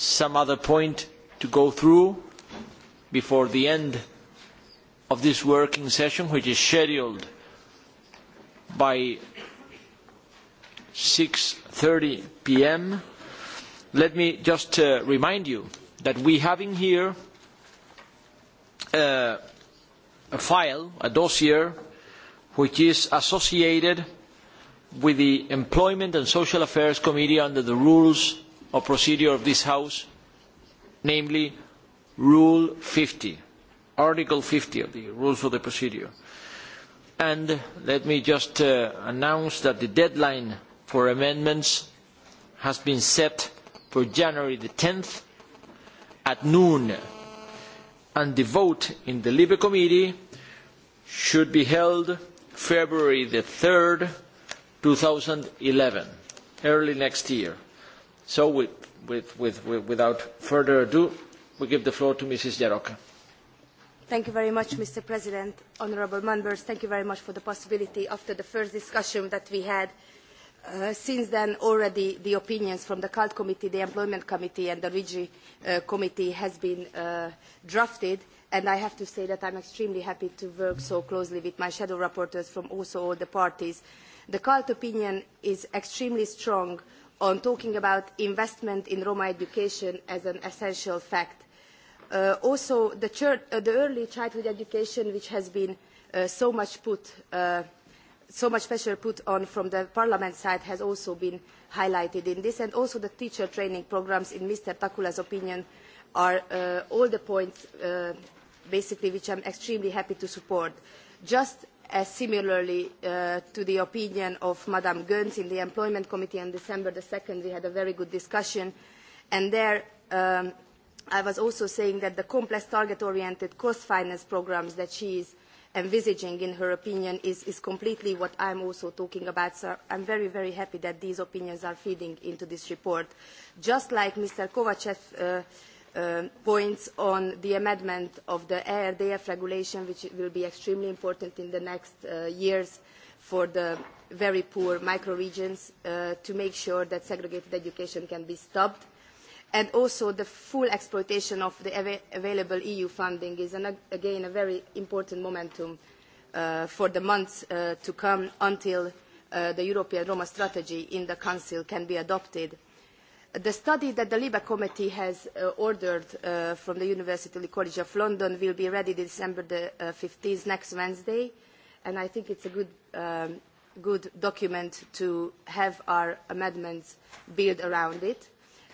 some other point to go through before the end of this working session, which is scheduled by 6.30 p.m., let me just uh, remind you that we have in here uh, a file, a dossier, which is associated with the Employment and Social Affairs Committee under the rules of procedure of this House, namely Rule 50, Article 50 of the Rules of the Procedure. And let me just uh, announce that the deadline for amendments has been set for January the 10th at noon, and the vote in the Libre Committee should be held February the 3rd, 2011, early next year. So we, with, with, with, without further ado, we give the floor to Mrs. Jaroka. Thank you very much, Mr. President, honourable members. Thank you very much for the possibility after the first discussion that we had. Uh, since then, already the opinions from the CALT Committee, the Employment Committee and the RIGI uh, Committee has been uh, drafted and I have to say that I'm extremely happy to work so closely with my shadow rapporteurs from also all the parties. The CALT opinion is extremely strong uh, on talking about investment in Roma education as an essential fact. Uh, also, the, church, uh, the early childhood education, which has been uh, so much put, uh, so much pressure put on from the parliament side, has also been highlighted in this, and also the teacher training programs, in Mr. Takula's opinion, are uh, all the points, uh, basically, which I'm extremely happy to support. Just as uh, similarly uh, to the opinion of Madame Gönz in the Employment Committee on December the 2nd, we had a very good discussion. And there um, I was also saying that the complex target-oriented cost finance programs that she is envisaging, in her opinion, is, is completely what I'm also talking about. So I'm very, very happy that these opinions are feeding into this report. Just like Mr. Kovachev uh, uh, points on the amendment of the ARDF regulation, which will be extremely important in the next uh, years for the very poor microregions uh, to make sure that segregated education can be stopped. And also the full exploitation of the av available EU funding is, an, again, a very important momentum uh, for the months uh, to come until uh, the European Roma strategy in the Council can be adopted. Uh, The study that the LIBA committee has uh, ordered uh, from the University College of London will be ready December the uh, 15th, next Wednesday, and I think it's a good, um, good document to have our amendments built around it.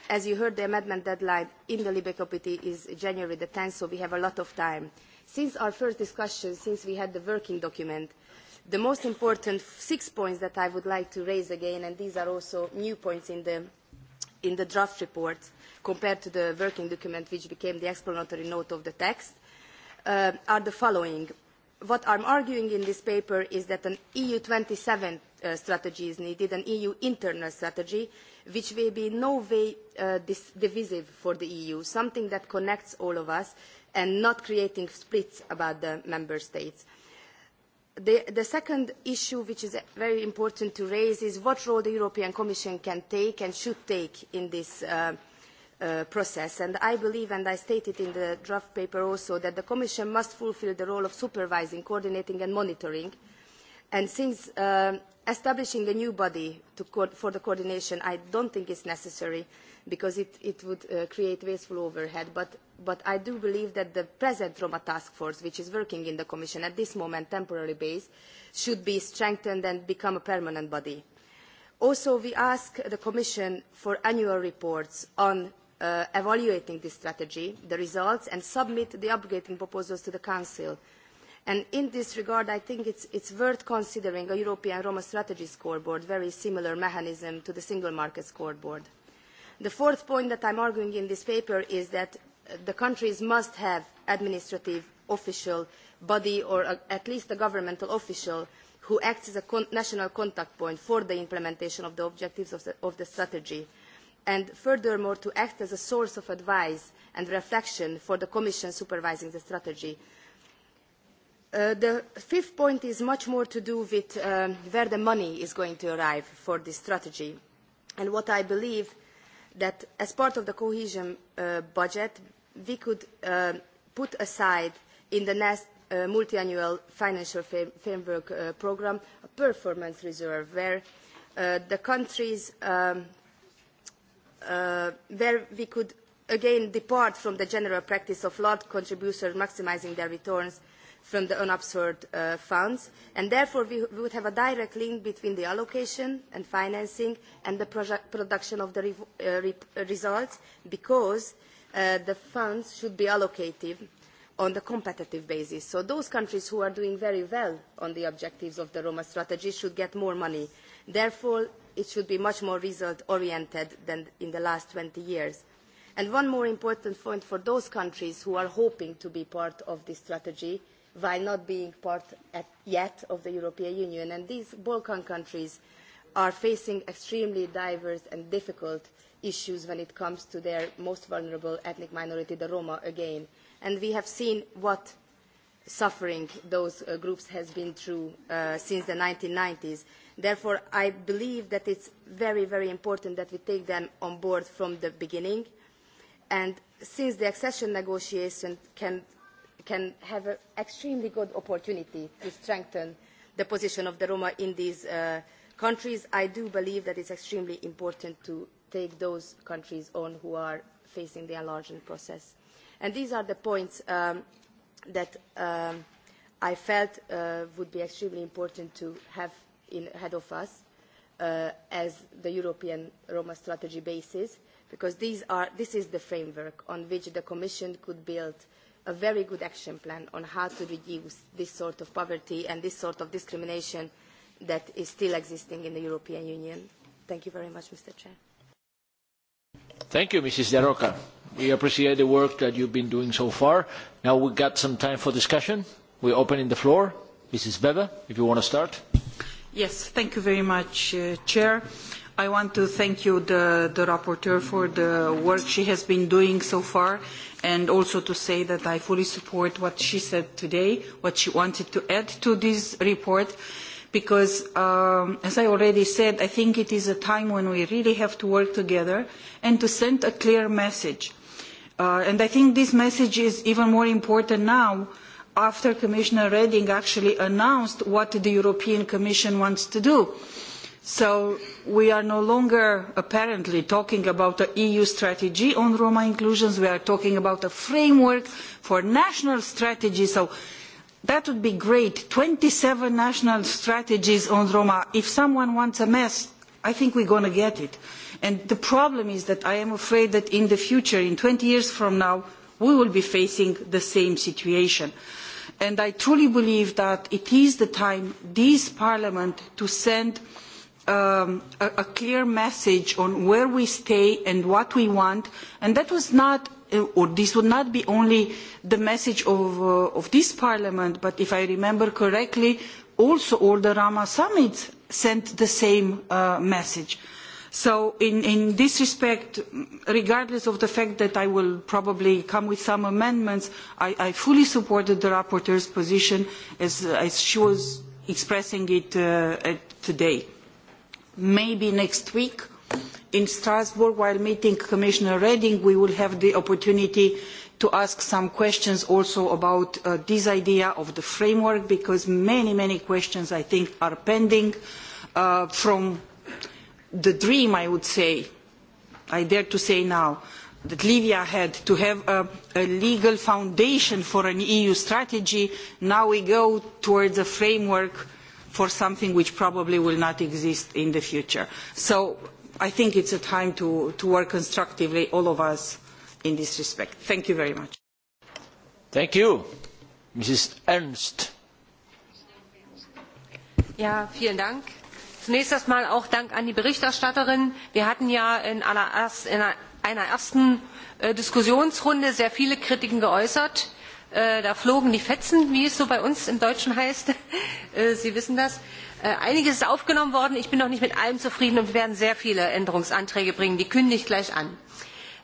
As you heard, the amendment deadline in the LIBE committee is January the 10th, so we have a lot of time. Since our first discussion, since we had the working document, the most important six points that I would like to raise again, and these are also new points in the in the draft report compared to the working document which became the explanatory note of the text uh, are the following. What I'm arguing in this paper is that an EU27 uh, strategy is needed, an EU internal strategy, which will be in no way uh, dis- divisive for the EU, something that connects all of us and not creating splits about the member states. Uh, The, the second issue, which is very important to raise, is what role the European Commission can take and should take in this uh, uh, process. And I believe, and I stated in the draft paper also, that the Commission must fulfill the role of supervising, coordinating and monitoring. And since uh, establishing a new body to co for the coordination, I don't think is necessary. Uh, because it, it would uh, create wasteful overhead. But, but I do believe that the present Roma task force, which is working in the Commission at this moment, temporary base, should be strengthened and become a permanent body. Also, we ask the Commission for annual reports on uh, evaluating this strategy, the results, and submit the upgrading proposals to the Council. And in this regard, I think it's, it's worth considering a European Roma Strategy Scoreboard, very similar mechanism to the Single Market Scoreboard. Uh, The fourth point that I'm arguing in this paper is that uh, the countries must have administrative official body or a, at least a governmental official who acts as a con national contact point for the implementation of the objectives of the, of the strategy and furthermore to act as a source of advice and reflection for the Commission supervising the strategy. Uh, the fifth point is much more to do with um, where the money is going to arrive for this strategy. And what I believe uh, that as part of the cohesion uh, budget, we could uh, put aside in the next uh, multi-annual financial frame, framework uh, program a performance reserve where uh, the countries um, uh, where we could again depart from the general practice of large contributors maximizing their returns from the unabsorbed uh, funds, and therefore we, we would have a direct link between the allocation and financing and the project production of the re uh, re results, because uh, the funds should be allocated on the competitive basis. So those countries who are doing very well on the objectives of the Roma strategy should get more money. Therefore, it should be much more result-oriented than in the last 20 years. And one more important point for those countries who are hoping to be part of this strategy uh, while not being part at, yet of the European Union. And these Balkan countries are facing extremely diverse and difficult issues when it comes to their most vulnerable ethnic minority, the Roma, again. And we have seen what suffering those uh, groups has been through uh, since the 1990s. Therefore, I believe that it's very, very important that we take them on board from the beginning. And since the accession negotiations can can have an extremely good opportunity to strengthen the position of the Roma in these uh, countries. I do believe that it's extremely important to take those countries on who are facing the enlargement process. And these are the points um, that um, I felt uh, would be extremely important to have in, ahead of us uh, as the European Roma strategy basis, because these are, this is the framework on which the Commission could build uh, a very good action plan on how to reduce this sort of poverty and this sort of discrimination that is still existing in the European Union. Thank you very much, Mr. Chair. Thank you, Mrs. De Roca. We appreciate the work that you've been doing so far. Now we've got some time for discussion. We're opening the floor. Mrs. Weber, if you want to start. Yes, thank you very much, uh, Chair. Uh, I want to thank you, the, the rapporteur, for the work she has been doing so far, and also to say that I fully support what she said today, what she wanted to add to this report, because, um, as I already said, I think it is a time when we really have to work together and to send a clear message. Uh, and I think this message is even more important now after Commissioner Reding actually announced what the European Commission wants to do. Uh, so we are no longer apparently talking about the eu strategy on roma inclusion we are talking about a framework for national strategies so that would be great twenty seven national strategies on roma if someone wants a mess i think we are going to get it and the problem is that i am afraid that in the future in twenty years from now we will be facing the same situation and i truly believe that it is the time for this parliament to send a um, a, a clear message on where we stay and what we want, and that was not uh, or this would not be only the message of, uh, of this parliament, but if I remember correctly, also all the Rama summits sent the same uh, message. So in, in this respect, regardless of the fact that I will probably come with some amendments, I, I fully supported the rapporteur's position as, as she was expressing it uh, today maybe next week in strasbourg while meeting commissioner reding we will have the opportunity to ask some questions also about uh, this idea of the framework because many many questions i think are pending uh, from the dream i would say i dare to say now that Libya had to have a, a legal foundation for an EU strategy. Now we go towards a framework for something which probably will not exist in the future. So I think it's a time to, to work constructively, all of us, in this respect. Thank you very much. Thank you. Mrs. Ernst. Ja, vielen Dank. Zunächst erstmal auch Dank an die Berichterstatterin. Wir hatten ja in einer, in einer ersten äh, Diskussionsrunde sehr viele Kritiken geäußert äh, da flogen die Fetzen, wie es so bei uns im Deutschen heißt. äh, Sie wissen das. Äh, einiges ist aufgenommen worden. Ich bin noch nicht mit allem zufrieden und wir werden sehr viele Änderungsanträge bringen. Die kündige ich gleich an.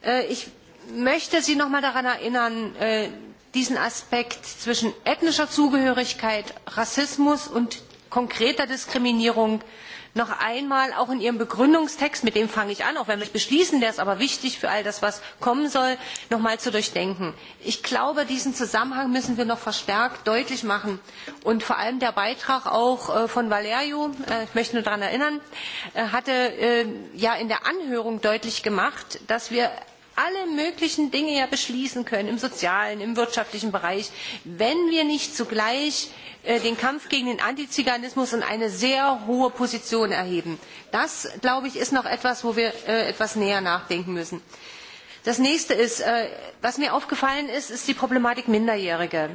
Äh, ich möchte Sie noch mal daran erinnern, äh, diesen Aspekt zwischen ethnischer Zugehörigkeit, Rassismus und konkreter diskriminierung noch einmal auch in ihrem begründungstext mit dem fange ich an auch wenn wir nicht beschließen der ist aber wichtig für all das was kommen soll noch einmal zu durchdenken. ich glaube diesen zusammenhang müssen wir noch verstärkt deutlich machen und vor allem der beitrag auch äh, von valerio äh, ich möchte nur daran erinnern äh, hatte ja in der anhörung deutlich gemacht dass wir alle möglichen Dinge ja beschließen können, im sozialen, im wirtschaftlichen Bereich, wenn wir nicht zugleich äh, den Kampf gegen den Antiziganismus in eine sehr hohe Position erheben. Das, glaube ich, ist noch etwas, wo wir äh, etwas näher nachdenken müssen. Das nächste ist, äh, was mir aufgefallen ist, ist die Problematik Minderjährige.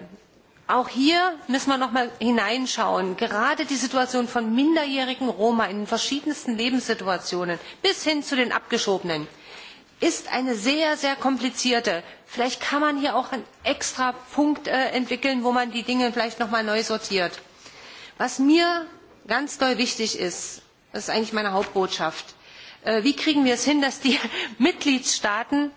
Auch hier müssen wir noch mal hineinschauen. Gerade die Situation von minderjährigen Roma in den verschiedensten Lebenssituationen bis hin zu den Abgeschobenen ist eine sehr, sehr komplizierte. Vielleicht kann man hier auch einen extra Punkt äh, entwickeln, wo man die Dinge vielleicht nochmal neu sortiert. Was mir ganz doll wichtig ist, das ist eigentlich meine Hauptbotschaft, äh, wie kriegen wir es hin, dass die Mitgliedstaaten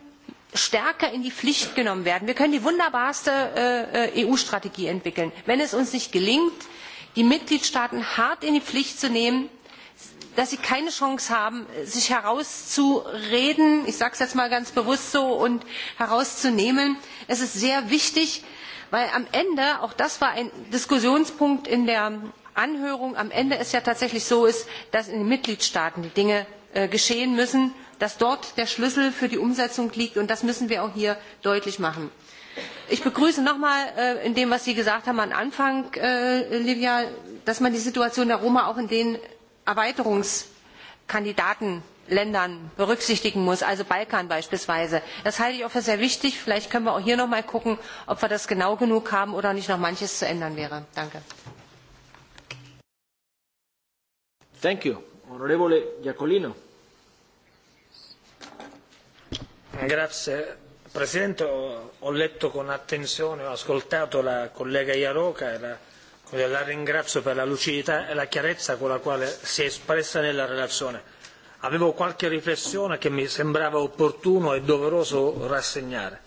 stärker in die Pflicht genommen werden. Wir können die wunderbarste äh, äh EU-Strategie entwickeln. Wenn es uns nicht gelingt, die Mitgliedstaaten hart in die Pflicht zu nehmen, dass sie keine Chance haben, sich herauszureden, ich sage es jetzt mal ganz bewusst so, und herauszunehmen. Es ist sehr wichtig, weil am Ende, auch das war ein Diskussionspunkt in der Anhörung, am Ende es ja tatsächlich so ist, dass in den Mitgliedstaaten die Dinge äh, geschehen müssen, dass dort der Schlüssel für die Umsetzung liegt und das müssen wir auch hier deutlich machen. Ich begrüße nochmal äh, in dem, was Sie gesagt haben am Anfang, äh, Livia, dass man die Situation der Roma auch in den erweiterungskandidatenländern berücksichtigen muss also balkan beispielsweise. das halte ich auch für sehr wichtig. vielleicht können wir auch hier noch einmal schauen ob wir das genau genug haben oder nicht noch manches zu ändern wäre. danke. Thank you. Onorevole Iacolino. Grazie Presidente, ho, ho letto con attenzione, ho ascoltato la collega Iaroca e la la ringrazio per la lucidità e la chiarezza con la quale si è espressa nella relazione. Avevo qualche riflessione che mi sembrava opportuno e doveroso rassegnare.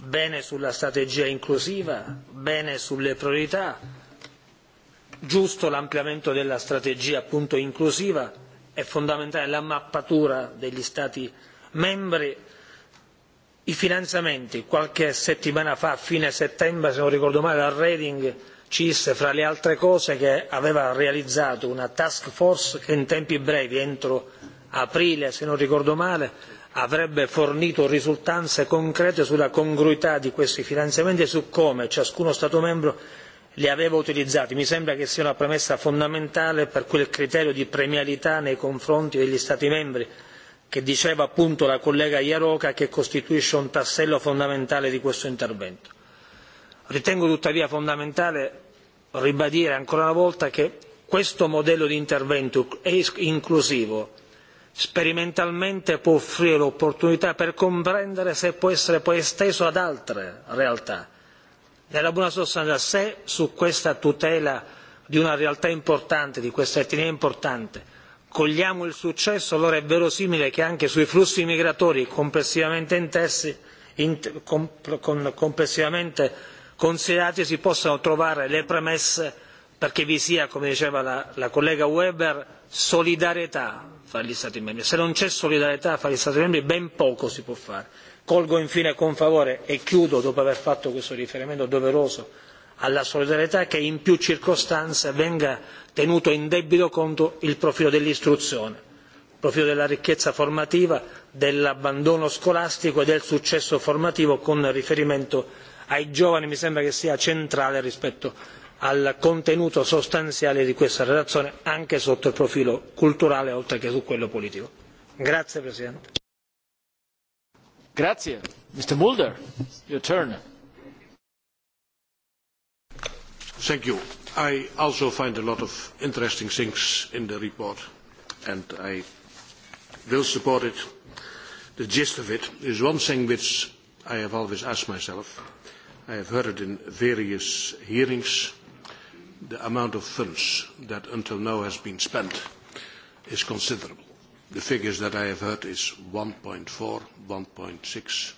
Bene sulla strategia inclusiva, bene sulle priorità, giusto l'ampliamento della strategia appunto inclusiva, è fondamentale la mappatura degli Stati membri i finanziamenti qualche settimana fa a fine settembre se non ricordo male a reding CIS, fra le altre cose, che aveva realizzato una task force che in tempi brevi, entro aprile se non ricordo male, avrebbe fornito risultanze concrete sulla congruità di questi finanziamenti e su come ciascuno Stato membro li aveva utilizzati. Mi sembra che sia una premessa fondamentale per quel criterio di premialità nei confronti degli Stati membri che diceva appunto la collega Iaroca che costituisce un tassello fondamentale di questo intervento ritengo tuttavia fondamentale ribadire ancora una volta che questo modello di intervento è inclusivo sperimentalmente può offrire l'opportunità per comprendere se può essere poi esteso ad altre realtà. nella buona sostanza se su questa tutela di una realtà importante di questa etnia importante cogliamo il successo allora è verosimile che anche sui flussi migratori complessivamente intesi in, com, con complessivamente considerati si possano trovare le premesse perché vi sia, come diceva la, la collega Weber, solidarietà fra gli Stati membri. Se non c'è solidarietà fra gli Stati membri ben poco si può fare. Colgo infine con favore e chiudo dopo aver fatto questo riferimento doveroso alla solidarietà che in più circostanze venga tenuto in debito conto il profilo dell'istruzione profilo della ricchezza formativa dell'abbandono scolastico e del successo formativo con riferimento ai giovani mi sembra che sia centrale rispetto al contenuto sostanziale di questa relazione anche sotto il profilo culturale oltre che su quello politico. grazie presidente. Grazie. Mr. Mulder, your turn. Thank you. I also find a lot of interesting things in the report, and I will support it. The gist of it is one thing which I have always asked myself I have heard in various hearings the amount of funds that until now has been spent is considerable. The figures that I have heard is 1.4, 1.6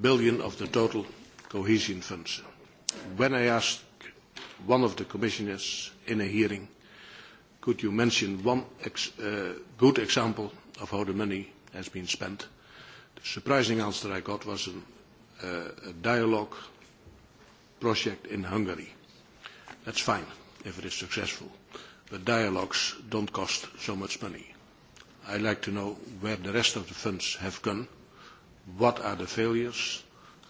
billion of the total cohesion funds. When I asked one of the commissioners in a hearing, could you mention one ex uh, good example of how the money has been spent? The surprising answer I got was an, uh, a dialogue project in Hungary. That's fine if it is successful, but dialogues don't cost so much money. I'd like to know where the rest of the funds have gone, what are the failures,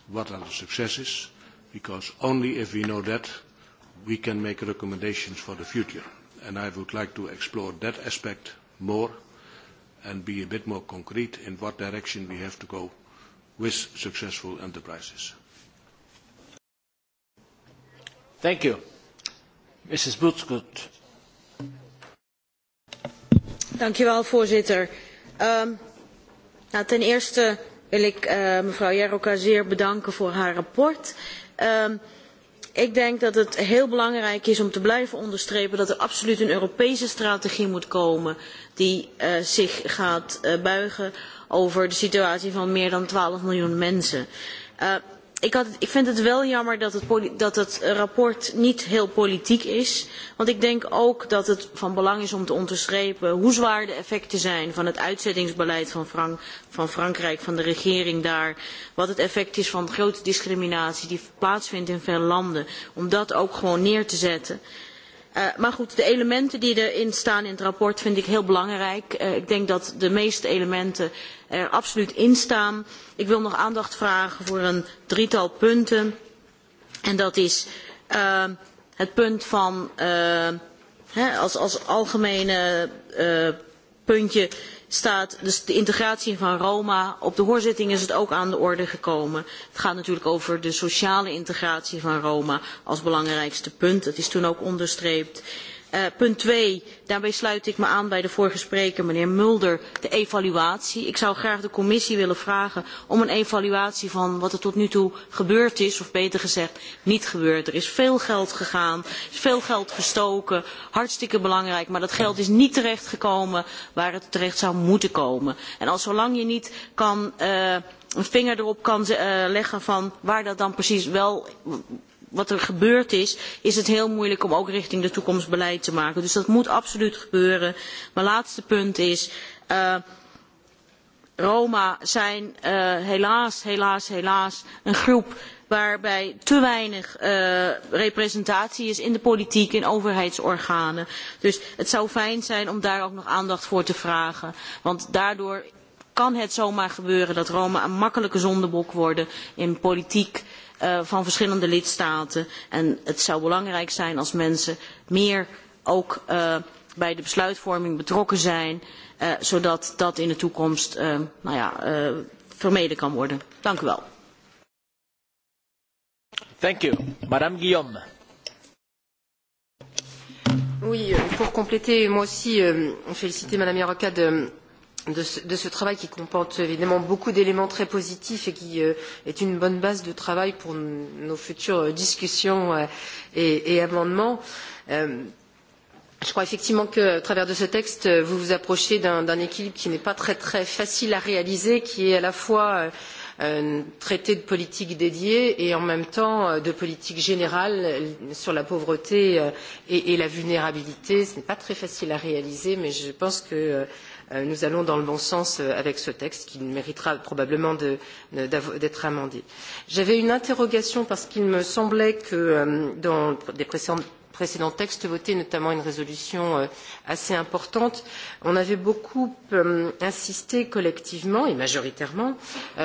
what are the successes, because only if we know that, we can make recommendations for the future. And I would like to explore that aspect more and be a bit more concrete in what direction we have to go with successful enterprises. Thank you. Mrs. Bootsgood. Dank u wel, voorzitter. Um, nou, ten eerste wil ik uh, mevrouw Jeroka zeer bedanken voor haar rapport. Um, ik denk dat het heel belangrijk is om te blijven onderstrepen dat er absoluut een Europese strategie moet komen die uh, zich gaat uh, buigen over de situatie van meer dan 12 miljoen mensen. Uh, ik, had, ik vind het wel jammer dat het, dat het rapport niet heel politiek is. Want ik denk ook dat het van belang is om te onderstrepen hoe zwaar de effecten zijn van het uitzettingsbeleid van, Frank, van Frankrijk, van de regering daar. Wat het effect is van grote discriminatie die plaatsvindt in veel landen. Om dat ook gewoon neer te zetten. Uh, Uh, maar goed, de elementen die erin staan in het rapport vind ik heel belangrijk. Uh, ik denk dat de meeste elementen er absoluut in staan. Ik wil nog aandacht vragen voor een drietal punten. En dat is uh, het punt van, uh, hè, als, als algemene uh, puntje, uh, staat dus de integratie van Roma. Op de hoorzitting is het ook aan de orde gekomen. Het gaat natuurlijk over de sociale integratie van Roma als belangrijkste punt. Dat is toen ook onderstreept. Uh, punt twee, daarbij sluit ik me aan bij de vorige spreker, meneer Mulder, de evaluatie. Ik zou graag de commissie willen vragen om een evaluatie van wat er tot nu toe gebeurd is, of beter gezegd niet gebeurd. Er is veel geld gegaan, is veel geld gestoken, hartstikke belangrijk, maar dat geld is niet terechtgekomen waar het terecht zou moeten komen. En als zolang je niet kan... Uh, een vinger erop kan uh, leggen van waar dat dan precies wel wat er gebeurd is, is het heel moeilijk om ook richting de toekomst beleid te maken. Dus dat moet absoluut gebeuren. Mijn laatste punt is, uh, Roma zijn uh, helaas, helaas, helaas een groep waarbij te weinig uh, representatie is in de politiek, in overheidsorganen. Dus het zou fijn zijn om daar ook nog aandacht voor te vragen. Want daardoor kan het zomaar gebeuren dat Roma een makkelijke zondebok worden in politiek, uh, uh, van verschillende lidstaten. En het zou belangrijk zijn als mensen meer ook uh, bij de besluitvorming betrokken zijn, uh, zodat dat in de toekomst uh, nou ja, uh, vermeden kan worden. Dank u wel. Thank you. Madame Guillaume. Oui, euh, pour compléter, moi aussi, euh, féliciter Madame Yaroka de de ce, de ce travail qui comporte évidemment beaucoup d'éléments très positifs et qui euh, est une bonne base de travail pour nos futures euh, discussions euh, et, et amendements. Euh, je crois effectivement qu'à travers de ce texte, euh, vous vous approchez d'un équilibre qui n'est pas très très facile à réaliser, qui est à la fois euh, euh traité de politique dédiée et en même temps de politique générale sur la pauvreté et, et la vulnérabilité. Ce n'est pas très facile à réaliser, mais je pense que euh, Euh, nous allons dans le bon sens euh, avec ce texte qui méritera probablement d'être amendé. J'avais une interrogation parce qu'il me semblait que euh, dans des précédentes précédents textes votés, notamment une résolution assez importante, on avait beaucoup insisté collectivement et majoritairement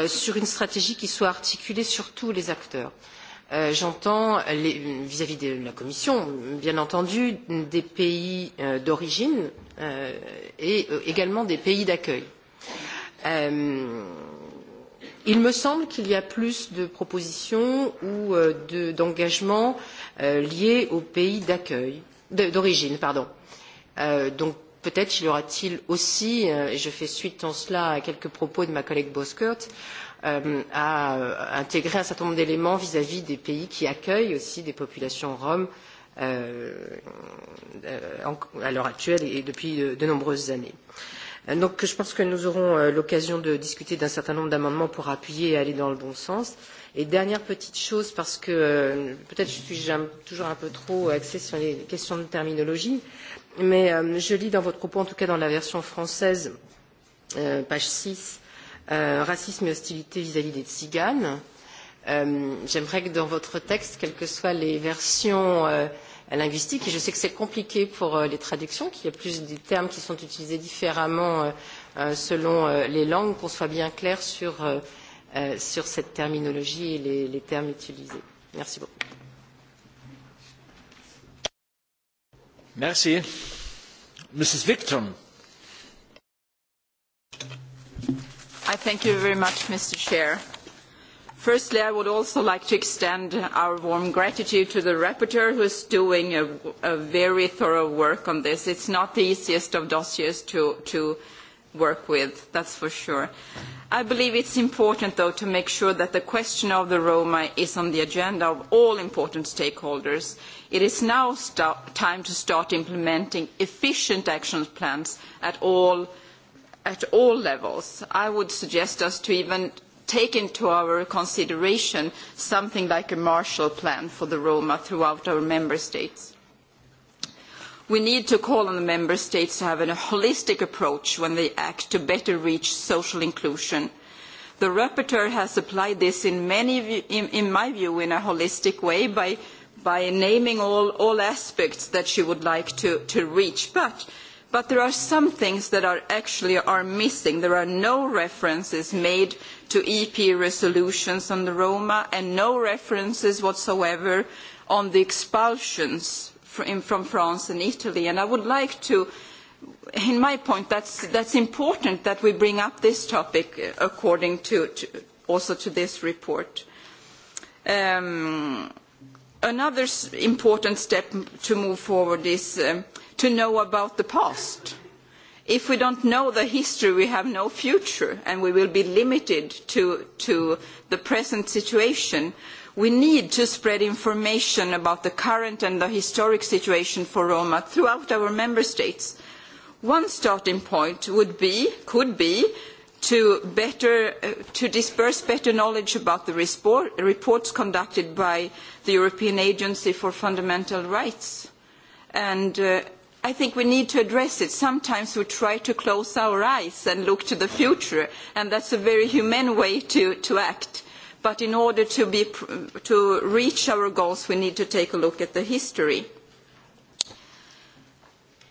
sur une stratégie qui soit articulée sur tous les acteurs. Euh, Euh, J'entends vis-à-vis -vis de la Commission, bien entendu, des pays euh, d'origine euh, et euh, également des pays d'accueil. Euh, il me semble qu'il y a plus de propositions ou euh, d'engagements de, euh, liés aux pays d'accueil, d'origine, pardon. Euh, donc peut-être y aura-t-il aussi, euh, et je fais suite en cela à quelques propos de ma collègue Boskurt, euh, euh, à intégrer un certain nombre d'éléments vis-à-vis des pays qui accueillent aussi des populations roms euh, euh en, à l'heure actuelle et depuis de, de nombreuses années. Euh, donc je pense que nous aurons euh, l'occasion de discuter d'un certain nombre d'amendements pour appuyer et aller dans le bon sens. Et dernière petite chose, parce que euh, peut-être je suis toujours un peu trop axée sur les questions de terminologie, mais euh, je lis dans votre propos, en tout cas dans la version française, euh, page 6, euh, racisme et hostilité vis-à-vis -vis des tziganes. Euh, J'aimerais que dans votre texte, quelles que soient les versions euh, linguistiques, et je sais que c'est compliqué pour euh, les traductions, qu'il y a plus des termes qui sont utilisés différemment euh, euh, selon euh, les langues, qu'on soit bien clair sur, euh, euh, sur cette terminologie et les, les termes utilisés. Merci beaucoup. Merci. Mrs. Victon. I thank you very much, Mr. Chair. Firstly, I would also like to extend our warm gratitude to the rapporteur who is doing a, a very thorough work on this. It's not the easiest of dossiers to, to work with, that's for sure. I believe it's important, though, to make sure that the question of the Roma is on the agenda of all important stakeholders. It is now start, time to start implementing efficient action plans at all levels at all levels, I would suggest us to even take into our consideration something like a Marshall Plan for the Roma throughout our member states. We need to call on the member states to have a holistic approach when they act to better reach social inclusion. The rapporteur has applied this in, many, in, in my view in a holistic way by, by naming all, all aspects that she would like to, to reach. But but there are some things that are actually are missing. There are no references made to EP resolutions on the Roma and no references whatsoever on the expulsions from, from France and Italy. And I would like to, in my point, that's, that's important that we bring up this topic uh, according to, to also to this report. Um, another important step to move forward is um, uh, to know about the past. If we don't know the history, we have no future, and we will be limited to, to the present situation. We need to spread information about the current and the historic situation for Roma throughout our member states. One starting point would be, could be, to, better, uh, to disperse better knowledge about the report, reports conducted by the European Agency for Fundamental Rights. And uh, I think we need to address it. Sometimes we try to close our eyes and look to the future, and that's a very humane way to, to act. But in order to, be, to reach our goals, we need to take a look at the history.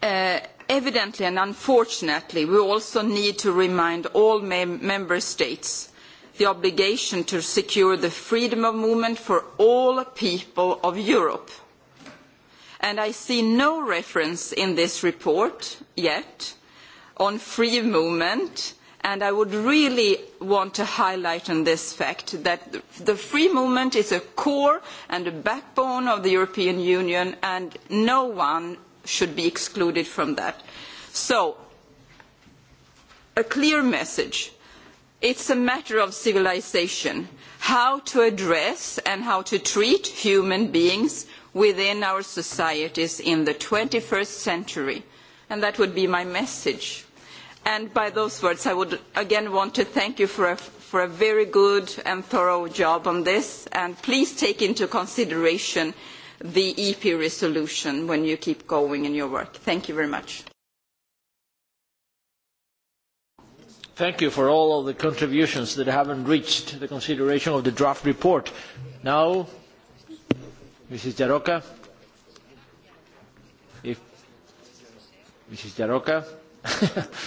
Uh, evidently and unfortunately, we also need to remind all mem member states the obligation to secure the freedom of movement for all people of Europe – and I see no reference in this report yet on free movement, and I would really want to highlight on this fact that the free movement is a core and a backbone of the European Union, and no one should be excluded from that. So, a clear message. It's a matter of civilization, how to address and how to treat human beings within our societies in the 21st century. And that would be my message. And by those words, I would again want to thank you for a, for a very good and thorough job on this. And please take into consideration the EP resolution when you keep going in your work. Thank you very much. Thank you for all of the contributions that haven't reached the consideration of the draft report. Now Mrs. Jaroka? If Mrs. Jaroka,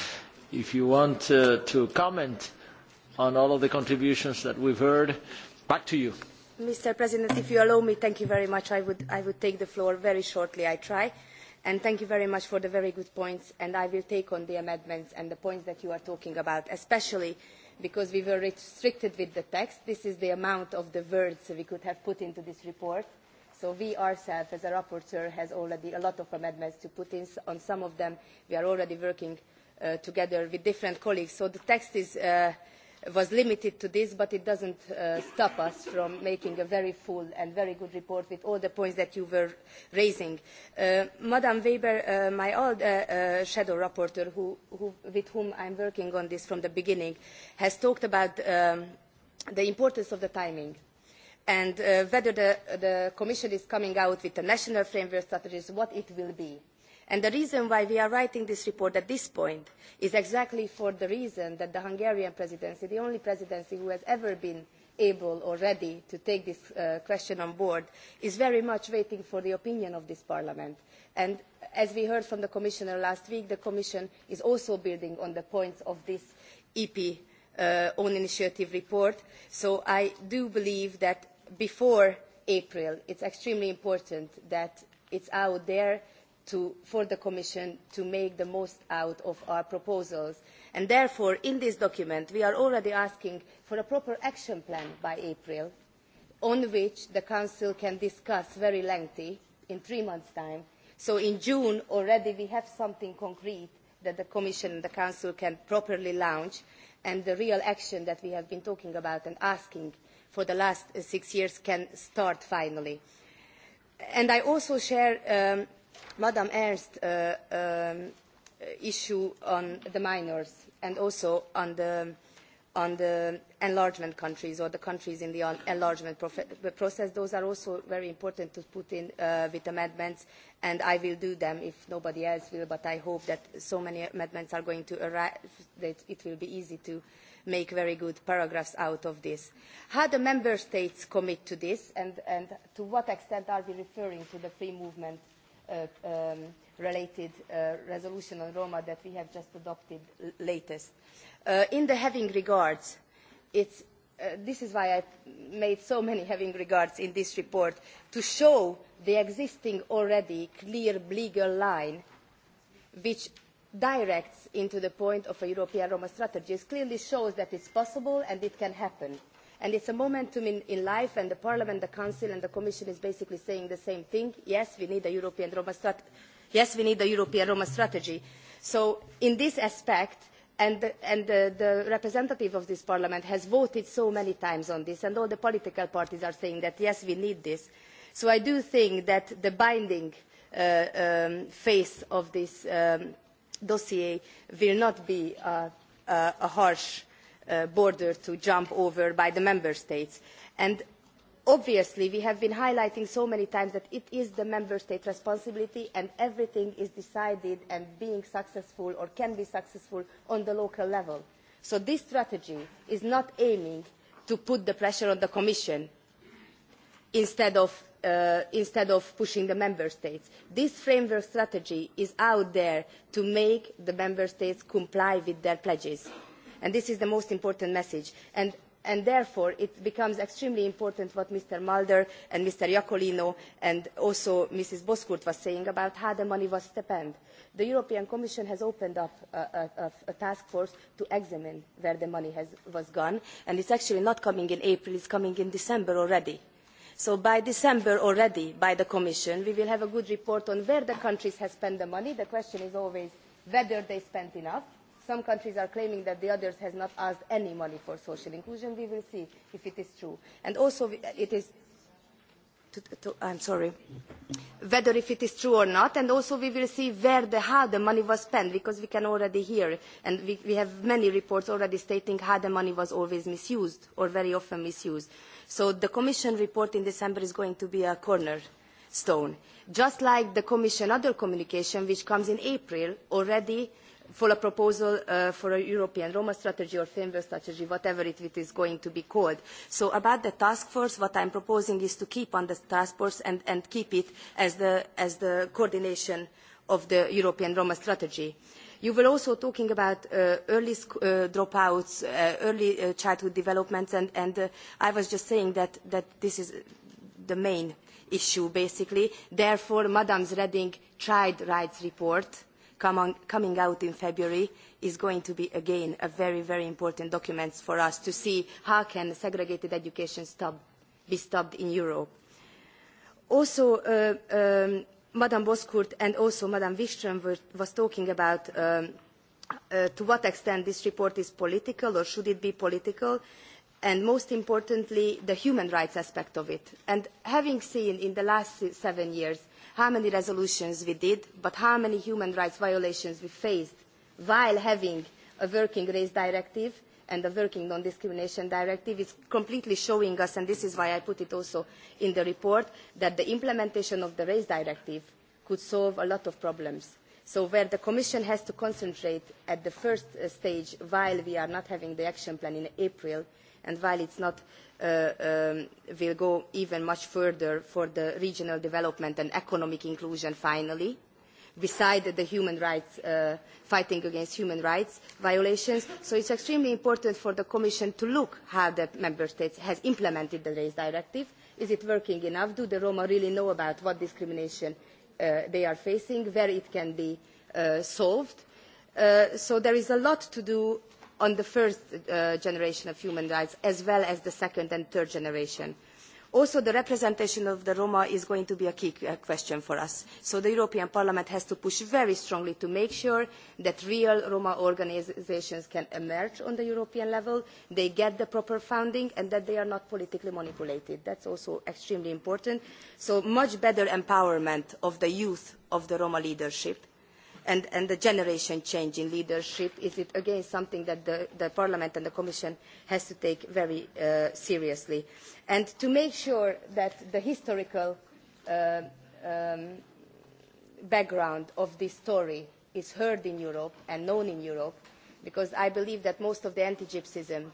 if you want uh, to comment on all of the contributions that we've heard, back to you. Mr. President, if you allow me, thank you very much. I would, I would take the floor very shortly. I try. And thank you very much for the very good points. And I will take on the amendments and the points that you are talking about, especially because we were restricted with the text. This is the amount of the words we could have put into this report. Uh, So we ourselves, as a rapporteur, has already a lot of amendments to put in. On some of them, we are already working uh, together with different colleagues. So the text is, uh, was limited to this, but it doesn't uh, stop us from making a very full and very good report with all the points that you were raising. Uh, Madam Weber, uh, my old uh, uh, shadow rapporteur, who, who, with whom I'm working on this from the beginning, has talked about um, the importance of the timing. Uh, and uh, whether the, the Commission is coming out with a national framework strategy is what it will be. And the reason why we are writing this report at this point is exactly for the reason that the Hungarian presidency, the only presidency who has ever been able or ready to take this uh, question on board, is very much waiting for the opinion of this Parliament. And as we heard from the Commissioner last week, the Commission is also building on the points of this EP uh, own initiative report. So I do believe that before April. It's extremely important that it's out there to, for the Commission to make the most out of our proposals. And therefore, in this document, we are already asking for a proper action plan by April, on which the Council can discuss very lengthy in three months' time. So in June already we have something concrete that the Commission and the Council can properly launch and the real action that we have been talking about and asking for the last uh, six years can start finally. And I also share um, Madame Ernst's uh, um, issue on the minors and also on the, on the enlargement countries or the countries in the enlargement process. Those are also very important to put in uh, with amendments, and I will do them if nobody else will, but I hope that so many amendments are going to arrive that it will be easy to uh, make very good paragraphs out of this. How do member states commit to this and, and to what extent are we referring to the free movement uh, um, related uh, resolution on Roma that we have just adopted latest? Uh, in the having regards, it's, uh, this is why I made so many having regards in this report, to show the existing already clear legal line which directs into the point of a European Roma strategy. It clearly shows that it's possible and it can happen. And it's a momentum in, in life, and the Parliament, the Council, and the Commission is basically saying the same thing. Yes, we need a European Roma strategy. Yes, we need a European Roma strategy. So in this aspect, and, the, and the, the representative of this Parliament has voted so many times on this, and all the political parties are saying that, yes, we need this. So I do think that the binding uh, um, phase of this um, dossier will not be uh, uh, a harsh uh, border to jump over by the member states. And obviously we have been highlighting so many times that it is the member state responsibility and everything is decided and being successful or can be successful on the local level. So this strategy is not aiming to put the pressure on the Commission instead of, uh, instead of pushing the member states. This framework strategy is out there to make the member states comply with their pledges. And this is the most important message. And, and therefore, it becomes extremely important what Mr. Mulder and Mr. Iacolino and also Mrs. Boskurt was saying about how the money was spent. The European Commission has opened up a, a, a task force to examine where the money has, was gone, and it's actually not coming in April, it's coming in December already. Uh, So by December already, by the Commission, we will have a good report on where the countries have spent the money. The question is always whether they spent enough. Some countries are claiming that the others has not asked any money for social inclusion. We will see if it is true. And also, it is to, to, I'm sorry, whether if it is true or not, and also we will see where the, how the money was spent, because we can already hear, and we, we have many reports already stating how the money was always misused, or very often misused. So the Commission report in December is going to be a cornerstone. Just like the Commission other communication, which comes in April, already uh, for a proposal uh, for a European Roma strategy or framework strategy, whatever it, it is going to be called. So about the task force, what I'm proposing is to keep on the task force and, and keep it as the, as the coordination of the European Roma strategy. You were also talking about uh, early sc- uh, dropouts, uh, early uh, childhood developments, and, and uh, I was just saying that, that this is the main issue, basically. Therefore, Madame Reding tried rights report, uh, come on, coming out in February is going to be again a very, very important document for us to see how can segregated education stop, be stopped in Europe. Also, uh, um, Madam Boskurt and also Madam Wikström were, was talking about um, uh, to what extent this report is political or should it be political and most importantly the human rights aspect of it. And having seen in the last seven years uh, how many resolutions we did, but how many human rights violations we faced while having a working race directive and the working non-discrimination directive is completely showing us, and this is why I put it also in the report, that the implementation of the race directive could solve a lot of problems. So where the Commission has to concentrate at the first uh, stage while we are not having the action plan in April and while it's not uh, um, will go even much further for the regional development and economic inclusion finally beside the human rights uh, fighting against human rights violations so it's extremely important for the commission to look how the member states has implemented the race directive is it working enough do the roma really know about what discrimination uh, they are facing where it can be uh, solved uh, so there is a lot to do on the first uh, generation of human rights as well as the second and third generation. Also, the representation of the Roma is going to be a key uh, question for us. So the European Parliament has to push very strongly to make sure that real Roma organizations can emerge on the European level, they get the proper funding, and that they are not politically manipulated. That's also extremely important. So much better empowerment of the youth of the Roma leadership and, and the generation change in leadership? Is it, again, something that the, the Parliament and the Commission has to take very uh, seriously? And to make sure that the historical uh, um, background of this story is heard in Europe and known in Europe, because I believe that most of the anti-Gypsyism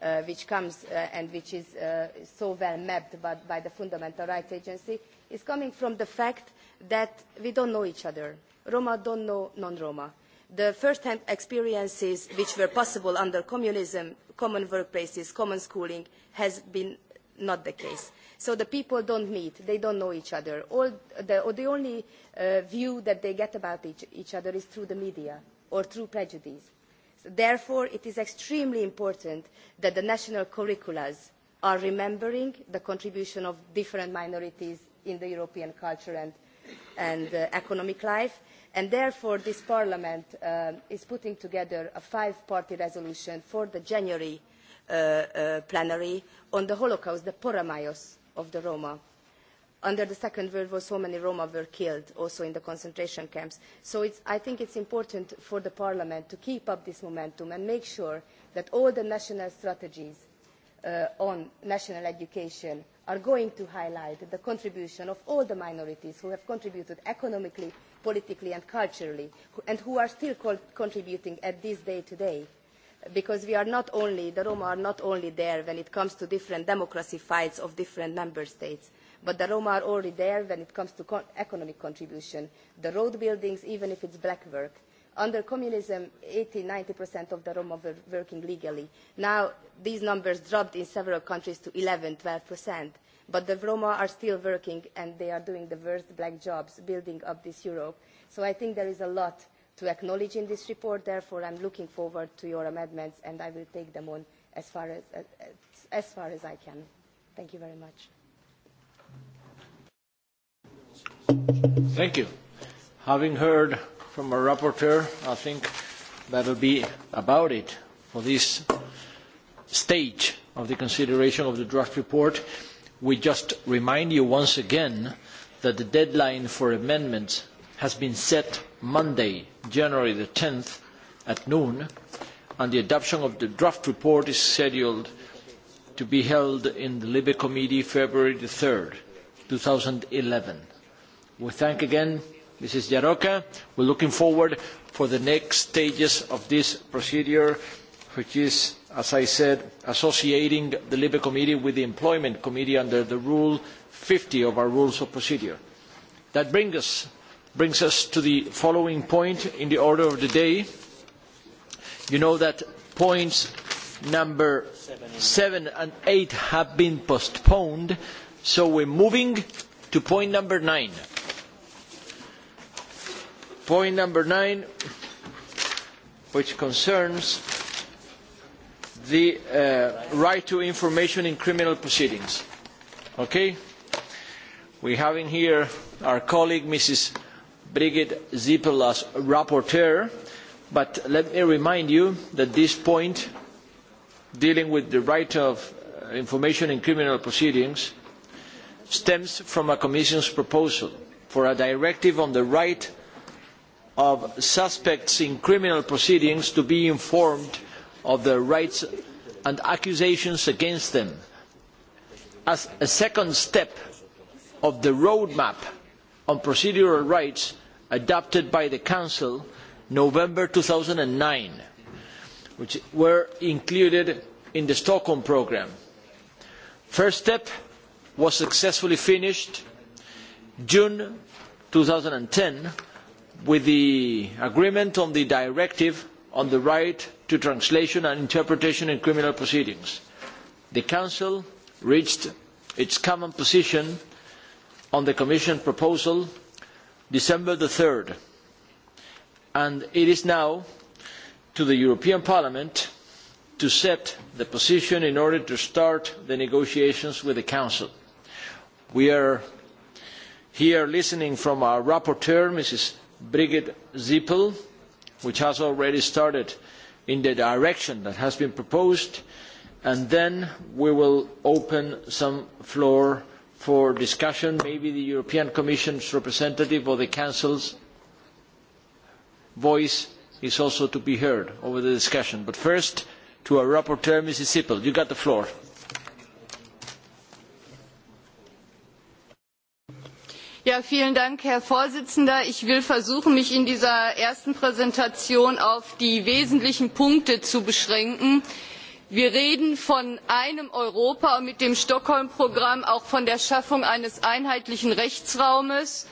uh, which comes uh, and which is uh, so well mapped by, by the Fundamental Rights Agency is coming from the fact that we don't know each other Roma don't know non-Roma. The first-hand experiences which were possible under communism, common workplaces, common schooling, has been not the case. So the people don't meet, they don't know each other. All the, or the only uh, view that they get about each, each other is through the media or through prejudice. So therefore, it is extremely important that the national curricula are remembering the contribution of different minorities in the European culture and, and uh, economic life, and therefore this parliament uh, is putting together a five party resolution for the january uh, uh, plenary on the holocaust the poramaios of the roma under the second world war so many roma were killed also in the concentration camps so it's, i think it's important for the parliament to keep up this momentum and make sure that all the national strategies uh, on national education are going to highlight the contribution of all the minorities who have contributed economically, politically and culturally and who are still co contributing at this day today because we are not only, the Roma are not only there when it comes to different democracy fights of different member states, but the Roma are already there when it comes to co economic contribution, the road buildings, even if it's black work, Under communism, 80-90% of the Roma were working legally. Now, these numbers dropped in several countries to 11-12%. But the Roma are still working, and they are doing the worst black jobs, building up this Europe. So I think there is a lot to acknowledge in this report. Therefore, I'm looking forward to your amendments, and I will take them on as far as, as, uh, uh, as, far as I can. Thank you very much. Thank you. Having heard from our rapporteur. I think that'll be about it for this stage of the consideration of the draft report. We just remind you once again that the deadline for amendments has been set Monday, January the 10th at noon, and the adoption of the draft report is scheduled to be held in the Libe Committee February the 3rd, 2011. We thank again Mrs. Jaroka. We're looking forward for the next stages of this procedure, which is, as I said, associating the Libre Committee with the Employment Committee under the Rule 50 of our Rules of Procedure. That brings us, brings us to the following point in the order of the day. You know that points number seven and eight have been postponed, so we're moving to point number nine. Point number nine, which concerns the uh, right to information in criminal proceedings. Okay? We have in here our colleague, Mrs. Brigitte Zippel, as rapporteur. But let me remind you that this point, dealing with the right of uh, information in criminal proceedings, stems from a Commission's proposal for a directive on the right of suspects in criminal proceedings to be informed of their rights and accusations against them as a second step of the roadmap on procedural rights adopted by the Council in November 2009, which were included in the Stockholm programme. First step was successfully finished June 2010 with the agreement on the directive on the right to translation and interpretation in criminal proceedings. The Council reached its common position on the Commission proposal December the 3rd, and it is now to the European Parliament to set the position in order to start the negotiations with the Council. We are here listening from our rapporteur, Mrs. Brigitte Zippel, which has already started in the direction that has been proposed, and then we will open some floor for discussion, maybe the European Commission's representative or the Council's voice is also to be heard over the discussion. But first, to our rapporteur, Mrs. Sippel, you got the floor. Ja, vielen Dank, Herr Vorsitzender. Ich will versuchen, mich in dieser ersten Präsentation auf die wesentlichen Punkte zu beschränken. Wir reden von einem Europa und mit dem Stockholm-Programm auch von der Schaffung eines einheitlichen Rechtsraumes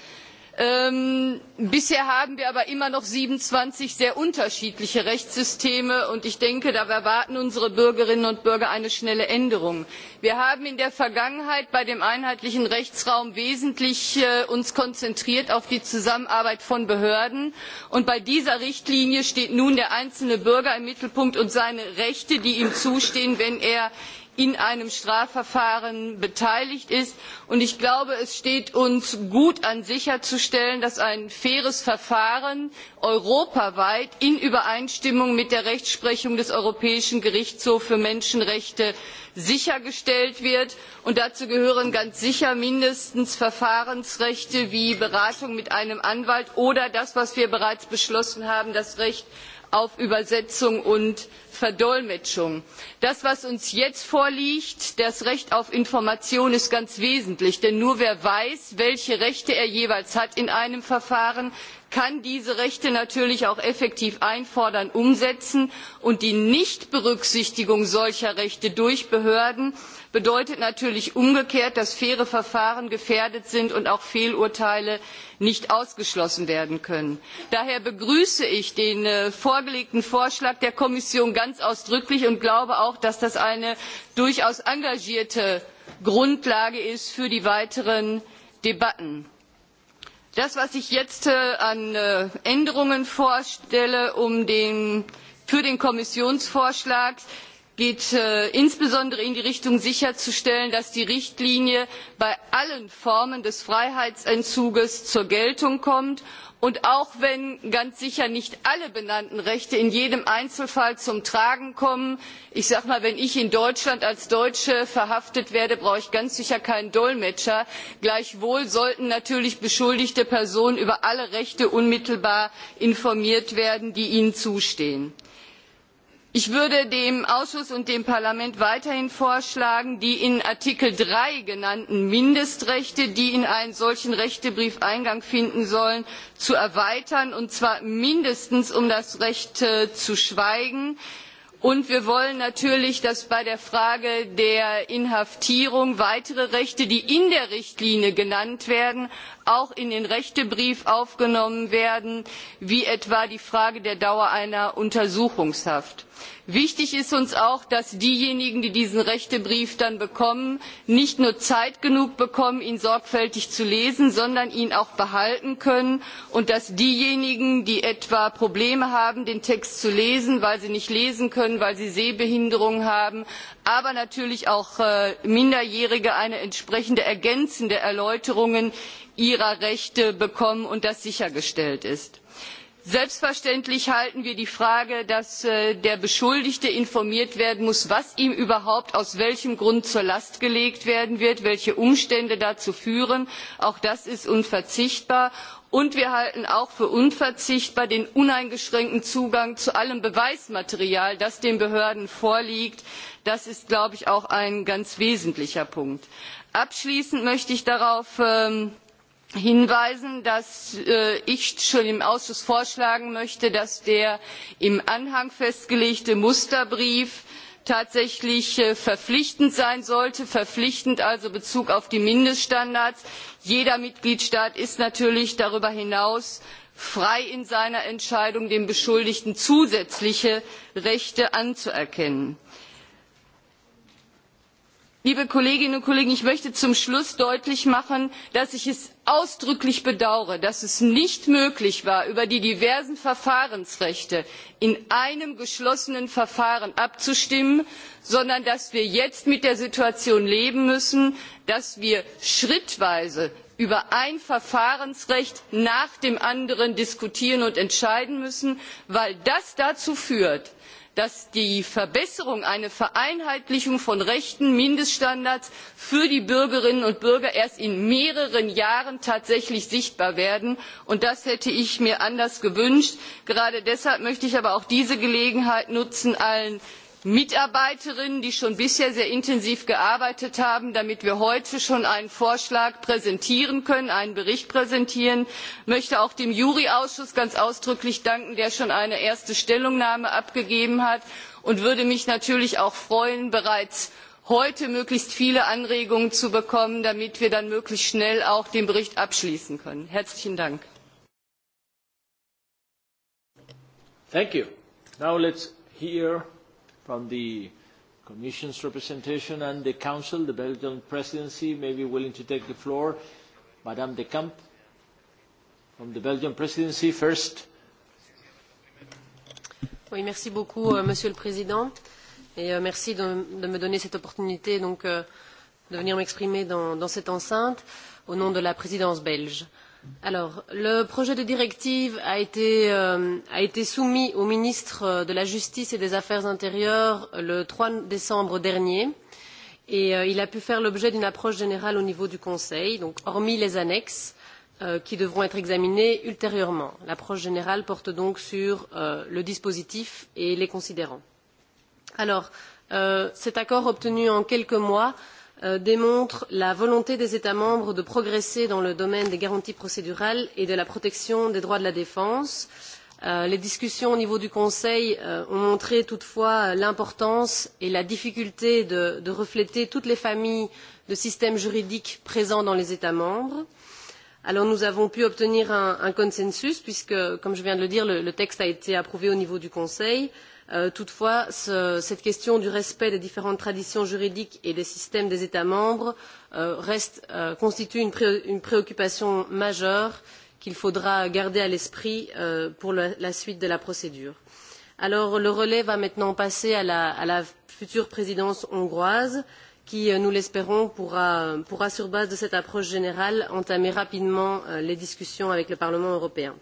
Ähm, bisher haben wir aber immer noch siebenundzwanzig sehr unterschiedliche rechtssysteme und ich denke da erwarten unsere bürgerinnen und bürger eine schnelle änderung. wir haben uns in der vergangenheit bei dem einheitlichen rechtsraum wesentlich äh, konzentriert auf die zusammenarbeit von behörden und bei dieser richtlinie steht nun der einzelne bürger im mittelpunkt und seine rechte die ihm zustehen wenn er in einem strafverfahren beteiligt ist und ich glaube es steht uns gut an sicherzustellen dass ein faires verfahren europaweit in übereinstimmung mit der rechtsprechung des europäischen gerichtshofs für menschenrechte sichergestellt wird und dazu gehören ganz sicher mindestens verfahrensrechte wie beratung mit einem anwalt oder das was wir bereits beschlossen haben das recht auf übersetzung und verdolmetschung. das was uns jetzt vorliegt das recht auf information ist ganz öffentlich denn nur wer weiß welche rechte er jeweils hat in einem verfahren kann diese rechte natürlich auch effektiv einfordern und umsetzen und die nichtberücksichtigung solcher rechte durch behörden bedeutet natürlich umgekehrt dass faire verfahren gefährdet sind und auch fehlurteile nicht ausgeschlossen werden können. daher begrüße ich den äh, vorgelegten vorschlag der kommission ganz ausdrücklich und glaube auch dass das eine durchaus engagierte grundlage ist für die weiteren debatten. das was ich jetzt äh, an äh, änderungen vorstelle um für den kommissionsvorschlag geht äh, insbesondere in die richtung sicherzustellen dass die richtlinie bei allen formen des freiheitsentzuges zur geltung kommt und auch wenn ganz sicher nicht alle benannten rechte in jedem einzelfall zum tragen kommen ich sage mal wenn ich in deutschland als deutsche verhaftet werde brauche ich ganz sicher keinen dolmetscher gleichwohl sollten natürlich beschuldigte personen über alle rechte unmittelbar informiert werden die ihnen zustehen ich würde dem ausschuss und dem parlament weiterhin vorschlagen die in artikel drei genannten mindestrechte die in einen solchen rechtebrief eingang finden sollen zu erweitern und zwar mindestens um das recht äh, zu schweigen und wir wollen natürlich dass bei der frage der inhaftierung weitere rechte die in der richtlinie genannt werden auch in den rechtebrief aufgenommen werden wie etwa die frage der dauer einer untersuchungshaft wichtig ist uns auch dass diejenigen die diesen rechtebrief dann bekommen nicht nur zeit genug bekommen ihn sorgfältig zu lesen sondern ihn auch behalten können und dass diejenigen die etwa probleme haben den text zu lesen weil sie nicht lesen können weil sie sehbehinderung haben aber natürlich auch äh, minderjährige eine entsprechende ergänzende erläuterung ihrer rechte bekommen und dass das sichergestellt ist selbstverständlich halten wir die frage dass äh, der beschuldigte informiert werden muss was ihm überhaupt aus welchem grund zur last gelegt werden wird welche umstände dazu führen auch das ist unverzichtbar und wir halten auch für unverzichtbar den uneingeschränkten zugang zu allem beweismaterial das den behörden vorliegt. das ist auch ein ganz wesentlicher punkt. abschließend möchte ich darauf ähm hinweisen dass äh, ich schon im ausschuss vorschlagen möchte dass der im anhang festgelegte musterbrief tatsächlich äh, verpflichtend sein sollte verpflichtend also bezug auf die mindeststandards. jeder mitgliedstaat ist natürlich darüber hinaus frei in seiner entscheidung dem beschuldigten zusätzliche rechte anzuerkennen liebe kolleginnen und kollegen ich möchte zum schluss deutlich machen dass ich es ausdrücklich bedaure dass es nicht möglich war über die diversen verfahrensrechte in einem geschlossenen verfahren abzustimmen sondern dass wir jetzt mit der situation leben müssen dass wir schrittweise über ein verfahrensrecht nach dem anderen diskutieren und entscheiden müssen weil das dazu führt dass die verbesserung eine vereinheitlichung von rechten mindeststandards für die bürgerinnen und bürger erst in mehreren jahren tatsächlich sichtbar werden und das hätte ich mir anders gewünscht. gerade deshalb möchte ich aber auch diese gelegenheit nutzen allen mitarbeiterinnen die schon bisher sehr intensiv gearbeitet haben damit wir heute schon einen vorschlag präsentieren können einen bericht präsentieren. ich möchte auch dem juri ausschuss ganz ausdrücklich danken der schon eine erste stellungnahme abgegeben hat und würde mich natürlich auch freuen bereits heute möglichst viele anregungen zu bekommen damit wir dann möglichst schnell auch den bericht abschließen können. herzlichen dank! now let's hear from the Commission's representation and the Council, the Belgian presidency, may be willing to take the floor. Madame de Camp, from the Belgian presidency first. Oui, merci beaucoup, euh, Monsieur le Président, et euh, merci de, de me donner cette opportunité donc, euh, de venir m'exprimer dans, dans cette enceinte au nom de la présidence belge. Euh, Alors, le projet de directive a été, euh, a été soumis au ministre de la Justice et des Affaires intérieures le 3 décembre dernier et euh, il a pu faire l'objet d'une approche générale au niveau du Conseil, donc hormis les annexes euh, qui devront être examinées ultérieurement. L'approche générale porte donc sur euh, le dispositif et les considérants. Alors, euh, cet accord obtenu en quelques mois euh, Euh, démontre la volonté des états membres de progresser dans le domaine des garanties procédurales et de la protection des droits de la défense. Euh, les discussions au niveau du conseil euh, ont montré toutefois l'importance et la difficulté de, de refléter toutes les familles de systèmes juridiques présents dans les états membres. Alors nous avons pu obtenir un, un consensus puisque, comme je viens de le dire, le, le texte a été approuvé au niveau du Conseil. Euh, Euh, toutefois ce, cette question du respect des différentes traditions juridiques et des systèmes des états membres euh, reste, euh, constitue une, pré une préoccupation majeure qu'il faudra garder à l'esprit euh, pour la, la suite de la procédure. Alors, le relais va maintenant passer à la, à la future présidence hongroise qui euh, nous l'espérons pourra, euh, pourra sur base de cette approche générale entamer rapidement les discussions avec le parlement européen.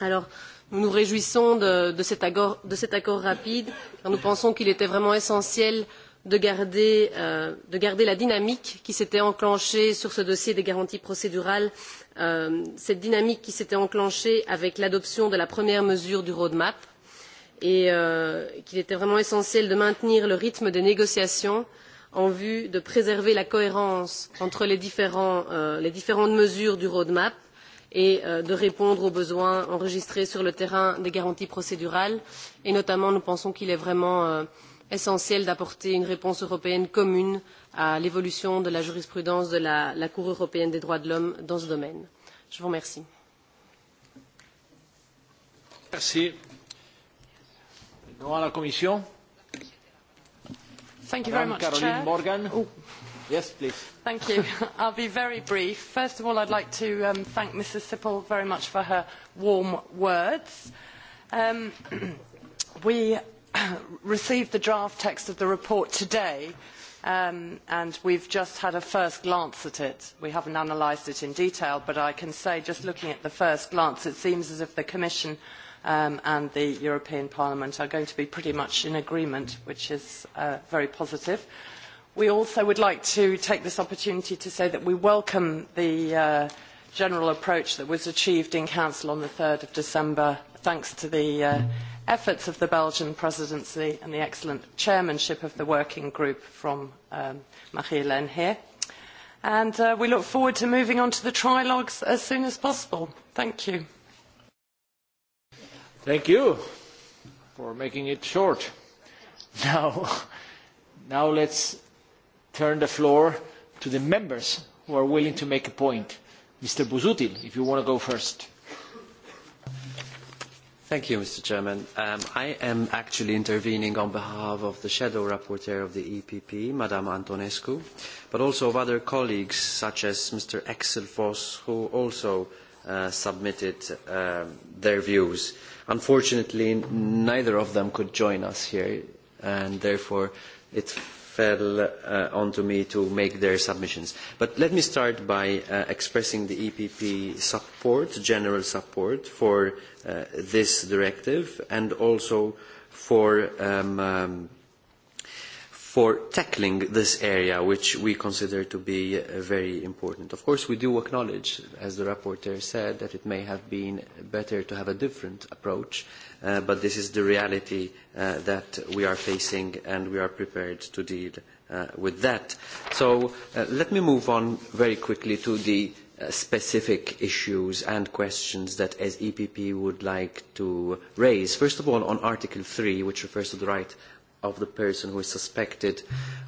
Alors, nous nous réjouissons de, de, cet, accord, de cet accord rapide car nous pensons qu'il était vraiment essentiel de garder, euh, de garder la dynamique qui s'était enclenchée sur ce dossier des garanties procédurales, euh, cette dynamique qui s'était enclenchée avec l'adoption de la première mesure du roadmap et euh, qu'il était vraiment essentiel de maintenir le rythme des négociations en vue de préserver la cohérence entre les, différents, euh, les différentes mesures du roadmap euh, et euh, de répondre aux besoins enregistrés sur le terrain des garanties procédurales. Et notamment, nous pensons qu'il est vraiment euh, essentiel d'apporter une réponse européenne commune à l'évolution de la jurisprudence de la, la Cour européenne des droits de l'homme dans ce domaine. Je vous remercie. Merci. Devant la Commission. Thank you very much, Caroline Chair. Morgan. Oh. Yes, please. Thank you. I'll be very brief. First of all, I'd like to um, thank Mrs. Sippel very much for her warm words. Um, we received the draft text of the report today, um, and we've just had a first glance at it. We haven't analysed it in detail, but I can say just looking at the first glance, it seems as if the Commission um, and the European Parliament are going to be pretty much in agreement, which is uh, very positive. Uh, We also would like to take this opportunity to say that we welcome the uh, general approach that was achieved in Council on the 3rd of December, thanks to the uh, efforts of the Belgian presidency and the excellent chairmanship of the working group from um, Marie-Hélène here. And uh, we look forward to moving on to the trilogues as soon as possible. Thank you. Thank you for making it short. Now, now let's turn the floor to the members who are willing to make a point. Mr. Busutil, if you want to go first. Thank you, Mr. Chairman. Um, I am actually intervening on behalf of the shadow rapporteur of the EPP, Madame Antonescu, but also of other colleagues such as Mr. Axel Voss, who also uh, submitted uh, their views. Unfortunately, neither of them could join us here, and therefore it fell uh, onto me to make their submissions. But let me start by uh, expressing the EPP support, general support, for uh, this directive and also for um, um, for tackling this area, which we consider to be uh, very important. Of course, we do acknowledge, as the rapporteur said, that it may have been better to have a different approach, uh, but this is the reality uh, that we are facing and we are prepared to deal uh, with that. So uh, let me move on very quickly to the uh, specific issues and questions that as EPP would like to raise. First of all, on Article 3, which refers to the right of the person who is suspected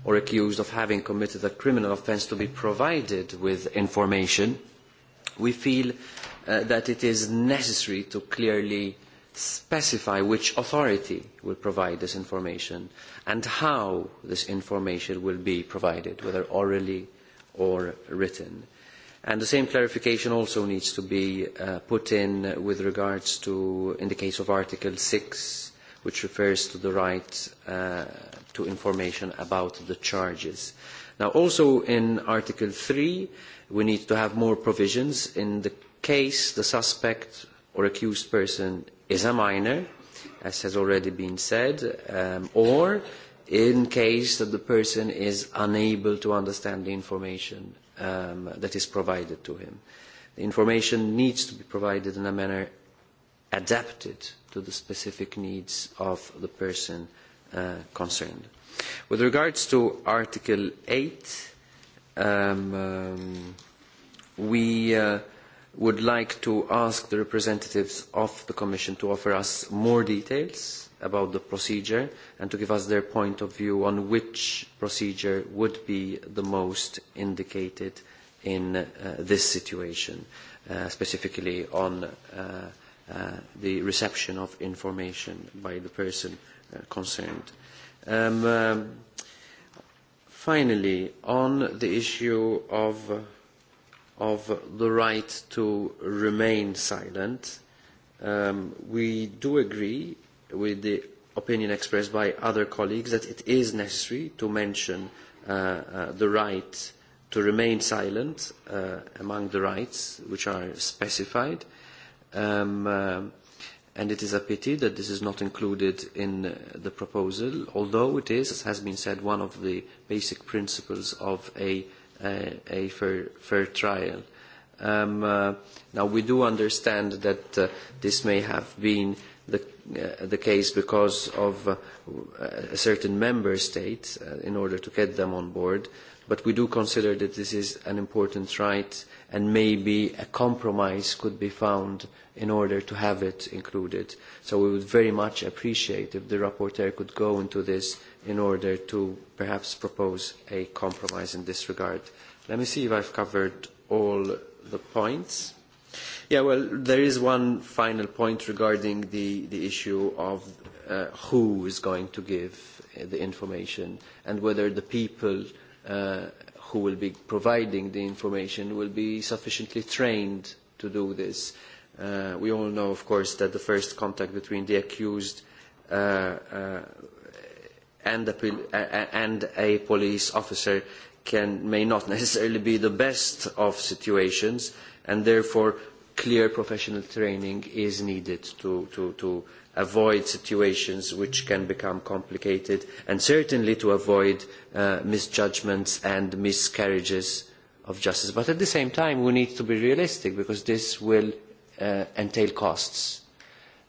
or accused of having committed a criminal offence to be provided with information, we feel uh, that it is necessary to clearly specify which authority will provide this information and how this information will be provided, whether orally or written. And the same clarification also needs to be uh, put in with regards to, in the case of Article 6, which refers to the right uh, to information about the charges. Now, also in Article 3, we need to have more provisions in the case the suspect or accused person is a minor, as has already been said, um, or in case that the person is unable to understand the information um, that is provided to him. The information needs to be provided in a manner adapted to the specific needs of the person uh, concerned. With regards to Article 8, um, um, we uh, would like to ask the representatives of the Commission to offer us more details about the procedure and to give us their point of view on which procedure would be the most indicated in uh, this situation, uh, specifically on uh, uh, the reception of information by the person uh, concerned. Um, um, finally, on the issue of, uh, of the right to remain silent, um, we do agree with the opinion expressed by other colleagues that it is necessary to mention uh, uh, the right to remain silent uh, among the rights which are specified. Uh, Um, uh, and it is a pity that this is not included in the proposal, although it is, as has been said, one of the basic principles of a, uh, a fair, fair trial. Um, uh, now, we do understand that uh, this may have been the, uh, the case because of uh, a certain member state uh, in order to get them on board. Uh, But we do consider that this is an important right and maybe a compromise could be found in order to have it included. So we would very much appreciate if the rapporteur could go into this in order to perhaps propose a compromise in this regard. Let me see if I've covered all the points. Yeah, well, there is one final point regarding the, the issue of uh, who is going to give the information and whether the people – uh, who will be providing the information will be sufficiently trained to do this. Uh, we all know, of course, that the first contact between the accused uh, uh, and, the, uh, uh, and a police officer can, may not necessarily be the best of situations, and therefore clear professional training is needed to, to, to uh, avoid situations which can become complicated and certainly to avoid uh, misjudgments and miscarriages of justice. But at the same time, we need to be realistic because this will uh, entail costs.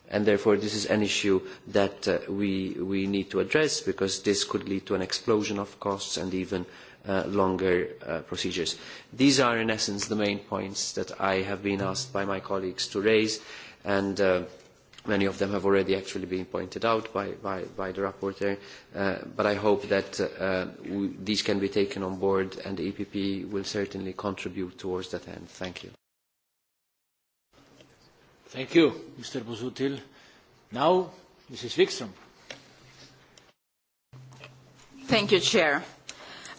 And therefore, this is an issue that uh, we, we need to address because this could lead to an explosion of costs and even uh, longer uh, procedures. These are, in essence, the main points that I have been asked by my colleagues to raise. And uh, Many of them have already actually been pointed out by, by, by the rapporteur, uh, but I hope that uh, w these can be taken on board and the EPP will certainly contribute towards that end. Thank you. Thank you, Mr. Busutil. Now, Mrs. Wikström. Thank you, Chair.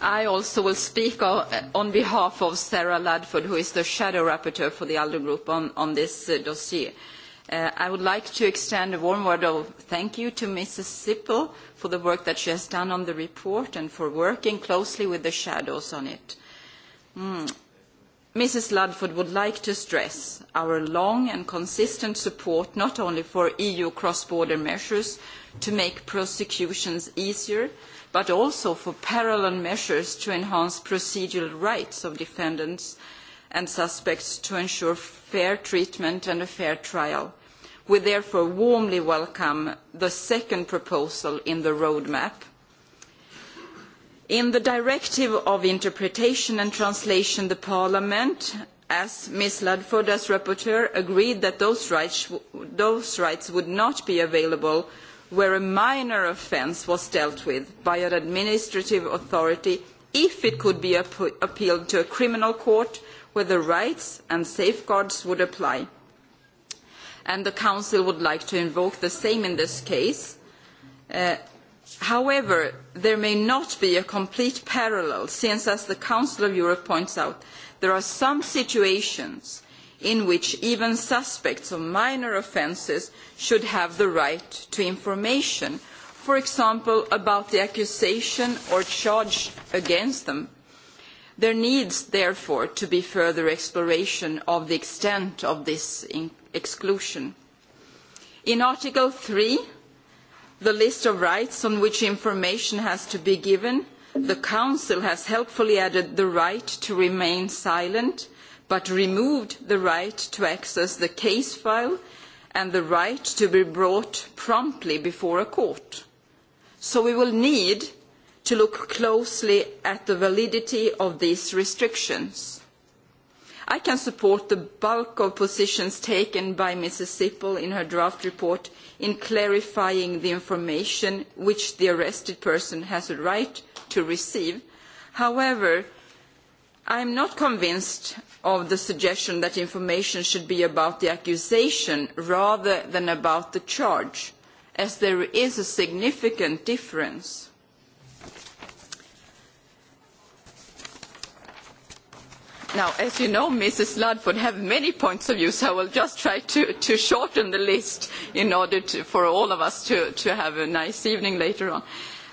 I also will speak uh, on behalf of Sarah Ludford, who is the Shadow Rapporteur for the ALDE Group on, on this uh, dossier. Uh, Uh, I would like to extend a warm word of thank you to Mrs. Sippel for the work that she has done on the report and for working closely with the shadows on it. Mm. Mrs. Ludford would like to stress our long and consistent support not only for EU cross-border measures to make prosecutions easier, but also for parallel measures to enhance procedural rights of defendants uh, and suspects to ensure fair treatment and a fair trial. We therefore warmly welcome the second proposal in the roadmap. In the Directive of Interpretation and Translation, the Parliament, as Ms Ludford as rapporteur, agreed that those rights, those rights would not be available where a minor offence was dealt with by an administrative authority if it could be ap appealed to a criminal court whether rights and safeguards would apply. And the Council would like to invoke the same in this case. Uh, however, there may not be a complete parallel, since, as the Council of Europe points out, there are some situations in which even suspects of minor offences should have the right to information, for example, about the accusation or charge against them There needs, therefore, to be further exploration of the extent of this in exclusion. In Article 3, the list of rights on which information has to be given, the Council has helpfully added the right to remain silent, but removed the right to access the case file and the right to be brought promptly before a court. So we will need to look closely at the validity of these restrictions. I can support the bulk of positions taken by Mrs. Sippel in her draft report in clarifying the information which the arrested person has a right to receive. However, I am not convinced of the suggestion that information should be about the accusation rather than about the charge, as there is a significant difference Now, as you know, Mrs. Ludford have many points of view, so I will just try to, to shorten the list in order to, for all of us to, to have a nice evening later on.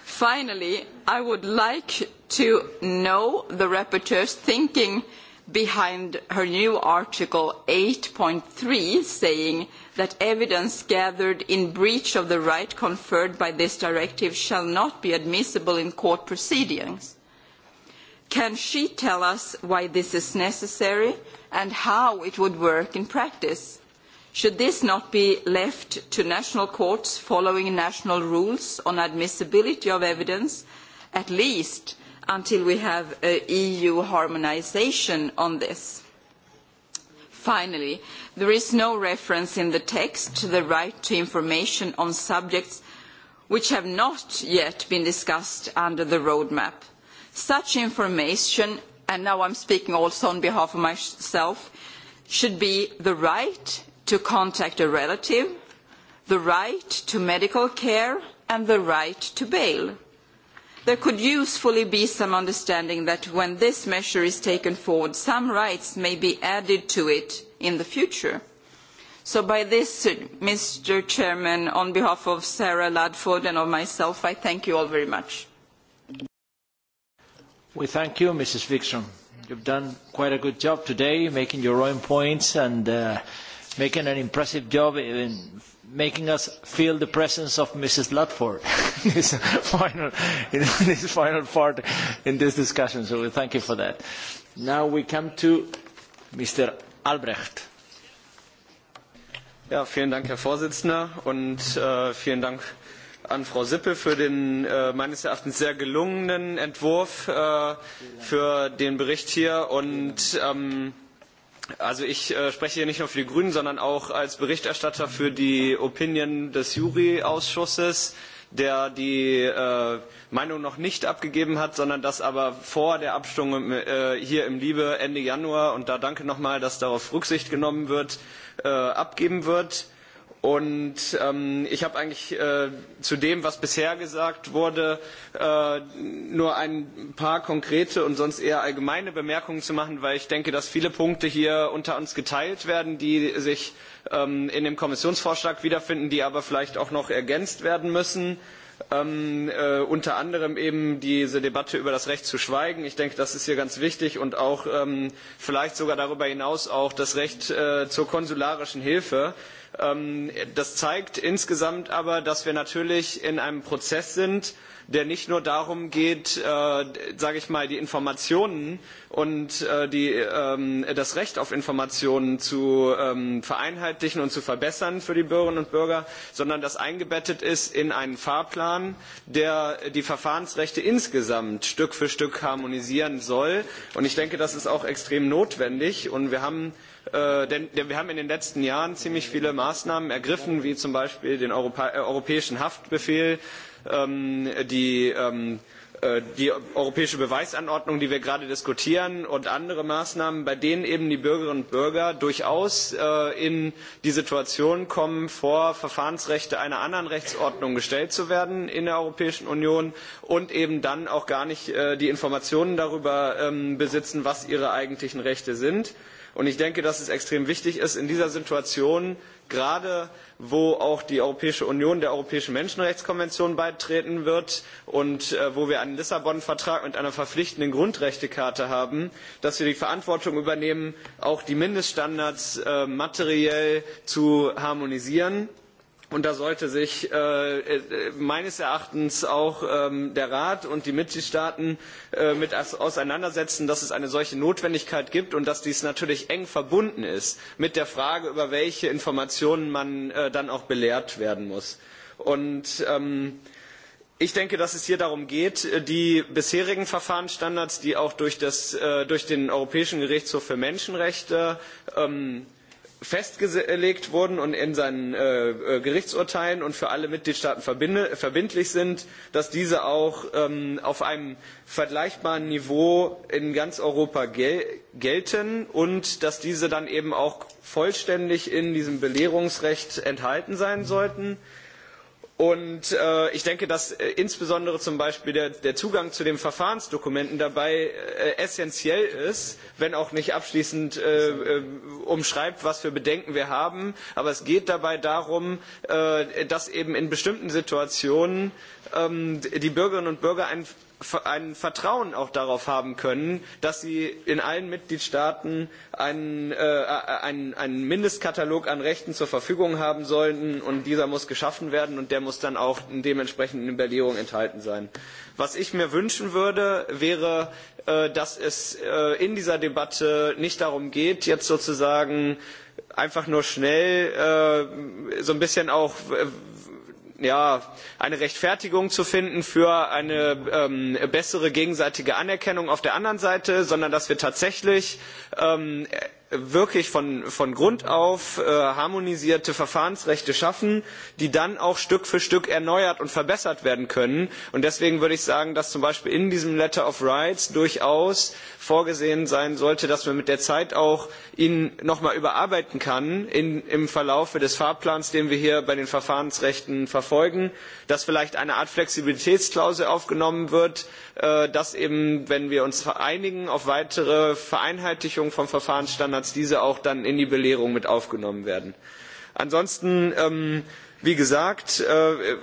Finally, I would like to know the rapporteur's thinking behind her new Article 8.3 saying that evidence gathered in breach of the right conferred by this directive shall not be admissible in court proceedings Can she tell us why this is necessary and how it would work in practice? Should this not be left to national courts following national rules on admissibility of evidence, at least until we have uh, EU harmonisation on this? Finally, there is no reference in the text to the right to information on subjects which have not yet been discussed under the roadmap Such information, and now I'm speaking also on behalf of myself, should be the right to contact a relative, the right to medical care, and the right to bail. There could usefully be some understanding that when this measure is taken forward, some rights may be added to it in the future. So by this, uh, Mr. Chairman, on behalf of Sarah Ludford and of myself, I thank you all very much. We thank you, Mrs. Wikström. You've done quite a good job today, making your own points and uh, making an impressive job in making us feel the presence of Mrs. Ludford in this final, in this final part in this discussion. So we thank you for that. Now we come to Mr. Albrecht. Ja, vielen Dank, Herr Vorsitzender, und äh, vielen Dank an Frau Sippe für den äh, meines Erachtens sehr gelungenen Entwurf äh, für den Bericht hier. Und ähm, also ich äh, spreche hier nicht nur für die Grünen, sondern auch als Berichterstatter für die Opinion des Jury-Ausschusses der die äh, Meinung noch nicht abgegeben hat, sondern das aber vor der Abstimmung äh, hier im Liebe Ende Januar und da danke nochmal, dass darauf Rücksicht genommen wird, äh, abgeben wird. Äh, Und ähm, ich habe eigentlich äh, zu dem, was bisher gesagt wurde, äh, nur ein paar konkrete und sonst eher allgemeine Bemerkungen zu machen, weil ich denke, dass viele Punkte hier unter uns geteilt werden, die sich ähm, in dem Kommissionsvorschlag wiederfinden, die aber vielleicht auch noch ergänzt werden müssen. Ähm, äh, unter anderem eben diese Debatte über das Recht zu schweigen. Ich denke, das ist hier ganz wichtig und auch ähm, vielleicht sogar darüber hinaus auch das Recht äh, zur konsularischen Hilfe. Äh, Ähm, das zeigt insgesamt aber, dass wir natürlich in einem Prozess sind, der nicht nur darum geht, äh, sage ich mal, die Informationen und äh, die, ähm, das Recht auf Informationen zu ähm, vereinheitlichen und zu verbessern für die Bürgerinnen und Bürger, sondern das eingebettet ist in einen Fahrplan, der die Verfahrensrechte insgesamt Stück für Stück harmonisieren soll. Und ich denke, das ist auch extrem notwendig. Und wir haben äh, Äh, denn, denn wir haben in den letzten Jahren ziemlich viele Maßnahmen ergriffen, wie zum Beispiel den Europa äh, europäischen Haftbefehl, ähm, die ähm, äh, die europäische Beweisanordnung, die wir gerade diskutieren, und andere Maßnahmen, bei denen eben die Bürgerinnen und Bürger durchaus äh, in die Situation kommen, vor Verfahrensrechte einer anderen Rechtsordnung gestellt zu werden in der Europäischen Union und eben dann auch gar nicht äh, die Informationen darüber ähm, besitzen, was ihre eigentlichen Rechte sind. Äh, Und ich denke, dass es extrem wichtig ist, in dieser Situation, gerade wo auch die Europäische Union der Europäischen Menschenrechtskonvention beitreten wird und äh, wo wir einen Lissabon-Vertrag mit einer verpflichtenden Grundrechtecharta haben, dass wir die Verantwortung übernehmen, auch die Mindeststandards äh, materiell zu harmonisieren Und da sollte sich äh, äh, meines Erachtens auch ähm, der Rat und die Mitgliedstaaten äh, mit auseinandersetzen, dass es eine solche Notwendigkeit gibt und dass dies natürlich eng verbunden ist mit der Frage, über welche Informationen man äh, dann auch belehrt werden muss. Und ähm, ich denke dass es hier darum geht äh, die bisherigen verfahrensstandards die auch durch, das, äh, durch den europäischen gerichtshof für menschenrechte ähm, festgelegt wurden und in seinen äh, äh, Gerichtsurteilen und für alle Mitgliedstaaten verbinde, verbindlich sind, dass diese auch ähm, auf einem vergleichbaren Niveau in ganz Europa gel gelten und dass diese dann eben auch vollständig in diesem Belehrungsrecht enthalten sein sollten. Mhm Und äh, ich denke, dass äh, insbesondere zum Beispiel der, der Zugang zu den Verfahrensdokumenten dabei äh, essentiell ist, wenn auch nicht abschließend äh, äh, umschreibt, was für Bedenken wir haben. Aber es geht dabei darum, äh, dass eben in bestimmten Situationen ähm, die Bürgerinnen und Bürger einen ein Vertrauen auch darauf haben können, dass sie in allen Mitgliedstaaten einen, äh, einen, einen Mindestkatalog an Rechten zur Verfügung haben sollten und dieser muss geschaffen werden und der muss dann auch dementsprechend in der Belehrung enthalten sein. Was ich mir wünschen würde, wäre, äh, dass es äh, in dieser Debatte nicht darum geht, jetzt sozusagen einfach nur schnell äh, so ein bisschen auch äh, ja, eine Rechtfertigung zu finden für eine ähm, bessere gegenseitige Anerkennung auf der anderen Seite, sondern dass wir tatsächlich ähm, wirklich von, von Grund auf äh, harmonisierte Verfahrensrechte schaffen, die dann auch Stück für Stück erneuert und verbessert werden können. Und deswegen würde ich sagen, dass zum Beispiel in diesem Letter of Rights durchaus vorgesehen sein sollte, dass man mit der Zeit auch ihn nochmal überarbeiten kann in, im Verlaufe des Fahrplans, den wir hier bei den Verfahrensrechten verfolgen, dass vielleicht eine Art Flexibilitätsklausel aufgenommen wird, äh, dass eben, wenn wir uns einigen auf weitere Vereinheitlichung von Verfahrensstandards, monats diese auch dann in die belehrung mit aufgenommen werden. ansonsten ähm, Wie gesagt, äh,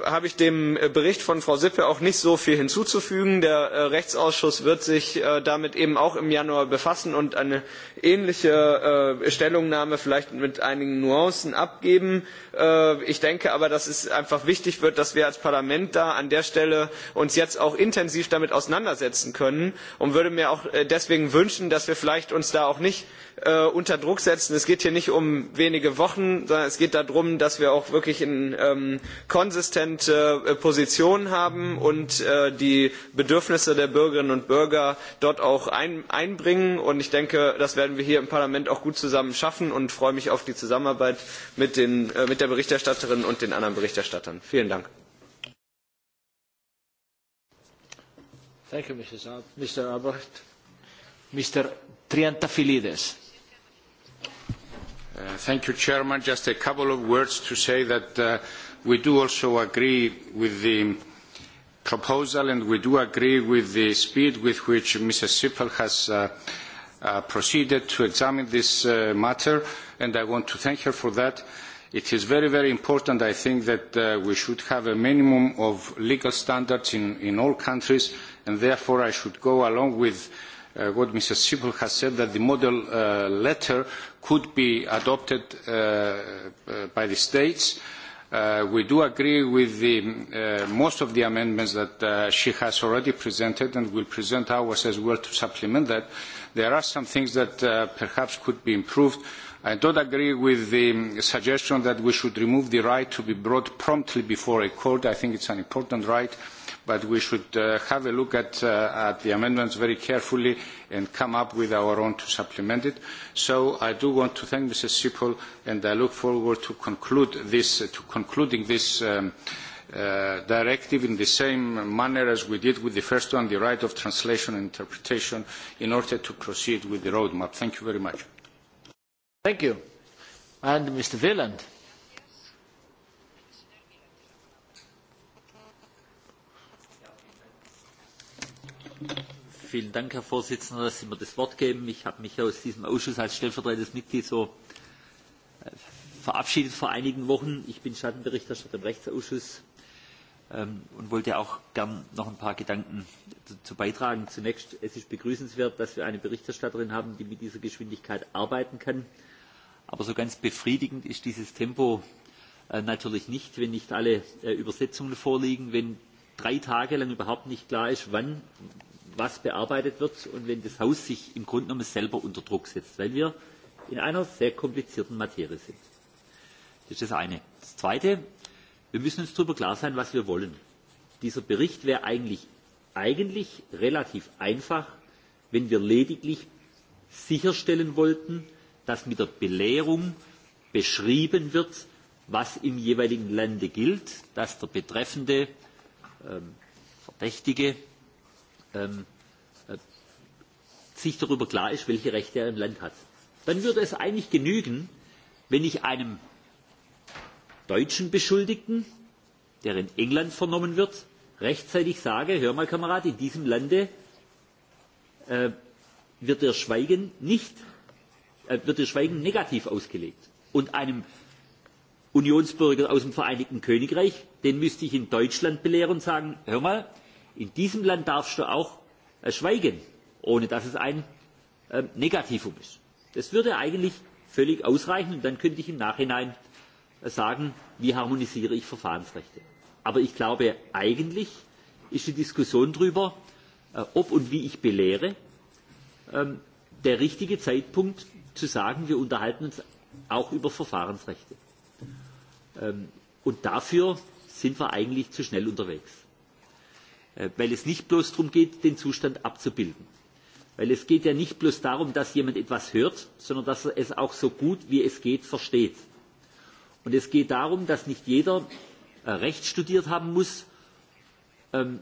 habe ich dem Bericht von Frau Sippe auch nicht so viel hinzuzufügen. Der äh, Rechtsausschuss wird sich äh, damit eben auch im Januar befassen und eine ähnliche äh, Stellungnahme vielleicht mit einigen Nuancen abgeben. Äh, ich denke aber, dass es einfach wichtig wird, dass wir als Parlament da an der Stelle uns jetzt auch intensiv damit auseinandersetzen können und würde mir auch äh, deswegen wünschen, dass wir vielleicht uns da auch nicht äh, unter Druck setzen. Es geht hier nicht um wenige Wochen, sondern es geht darum, dass wir auch wirklich in weiterhin ähm, konsistente äh, Positionen haben und äh, die Bedürfnisse der Bürgerinnen und Bürger dort auch ein, einbringen. Und ich denke, das werden wir hier im Parlament auch gut zusammen schaffen und freue mich auf die Zusammenarbeit mit, den, äh, mit der Berichterstatterin und den anderen Berichterstattern. Vielen Dank. Thank you, Mrs. Ab Mr. Albert. Mr. Triantafilides. Uh, thank you, Chairman. Just a couple of words to say that uh, we do also agree with the proposal and we do agree with the speed with which Mrs. Sippel has uh, uh, proceeded to examine this uh, matter, and I want to thank her for that. It is very, very important, I think, that uh, we should have a minimum of legal standards in, in all countries, and therefore I should go along with uh, what Mrs. Sippel has said, that the model uh, letter could be adopted uh, uh, by the states. Uh, we do agree with the, uh, most of the amendments that uh, she has already presented and will present ours as well to supplement that. There are some things that uh, perhaps could be improved. I don't agree with the suggestion that we should remove the right to be brought promptly before a court. I think it's an important right. Uh, but we should uh, have a look at, uh, at the amendments very carefully and come up with our own to supplement it. So I do want to thank Mrs. Sipol, and I look forward to, conclude this, uh, to concluding this um, uh, directive in the same manner as we did with the first one, the right of translation and interpretation, in order to proceed with the roadmap. Thank you very much. Thank you. And Mr. Wieland. Vielen Dank, Herr Vorsitzender, dass Sie mir das Wort geben. Ich habe mich aus diesem Ausschuss als stellvertretendes Mitglied so äh, verabschiedet vor einigen Wochen. Ich bin Schattenberichterstatter im Rechtsausschuss ähm, und wollte auch gern noch ein paar Gedanken dazu beitragen. Zunächst, es ist begrüßenswert, dass wir eine Berichterstatterin haben, die mit dieser Geschwindigkeit arbeiten kann. Aber so ganz befriedigend ist dieses Tempo äh, natürlich nicht, wenn nicht alle äh, Übersetzungen vorliegen, wenn drei Tage lang überhaupt nicht klar ist, wann was bearbeitet wird und wenn das Haus sich im Grunde genommen selber unter Druck setzt, weil wir in einer sehr komplizierten Materie sind. Das ist das eine. Das zweite, wir müssen uns darüber klar sein, was wir wollen. Dieser Bericht wäre eigentlich, eigentlich relativ einfach, wenn wir lediglich sicherstellen wollten, dass mit der Belehrung beschrieben wird, was im jeweiligen Lande gilt, dass der betreffende ähm, Verdächtige ähm, äh, sich darüber klar ist, welche Rechte er im Land hat. Dann würde es eigentlich genügen, wenn ich einem deutschen Beschuldigten, der in England vernommen wird, rechtzeitig sage, hör mal Kamerad, in diesem Lande äh, wird der Schweigen nicht, äh, wird der Schweigen negativ ausgelegt. Und einem Unionsbürger aus dem Vereinigten Königreich, den müsste ich in Deutschland belehren und sagen, hör mal, in diesem Land darfst du auch äh, schweigen, ohne dass es ein äh, Negativum ist. Das würde eigentlich völlig ausreichen und dann könnte ich im Nachhinein äh, sagen, wie harmonisiere ich Verfahrensrechte. Aber ich glaube, eigentlich ist die Diskussion darüber, äh, ob und wie ich belehre, ähm, der richtige Zeitpunkt zu sagen, wir unterhalten uns auch über Verfahrensrechte. Ähm, und dafür sind wir eigentlich zu schnell unterwegs. Äh, weil es nicht bloß darum geht, den Zustand abzubilden. Weil es geht ja nicht bloß darum, dass jemand etwas hört, sondern dass er es auch so gut wie es geht versteht. Und es geht darum, dass nicht jeder äh, Recht studiert haben muss, ähm,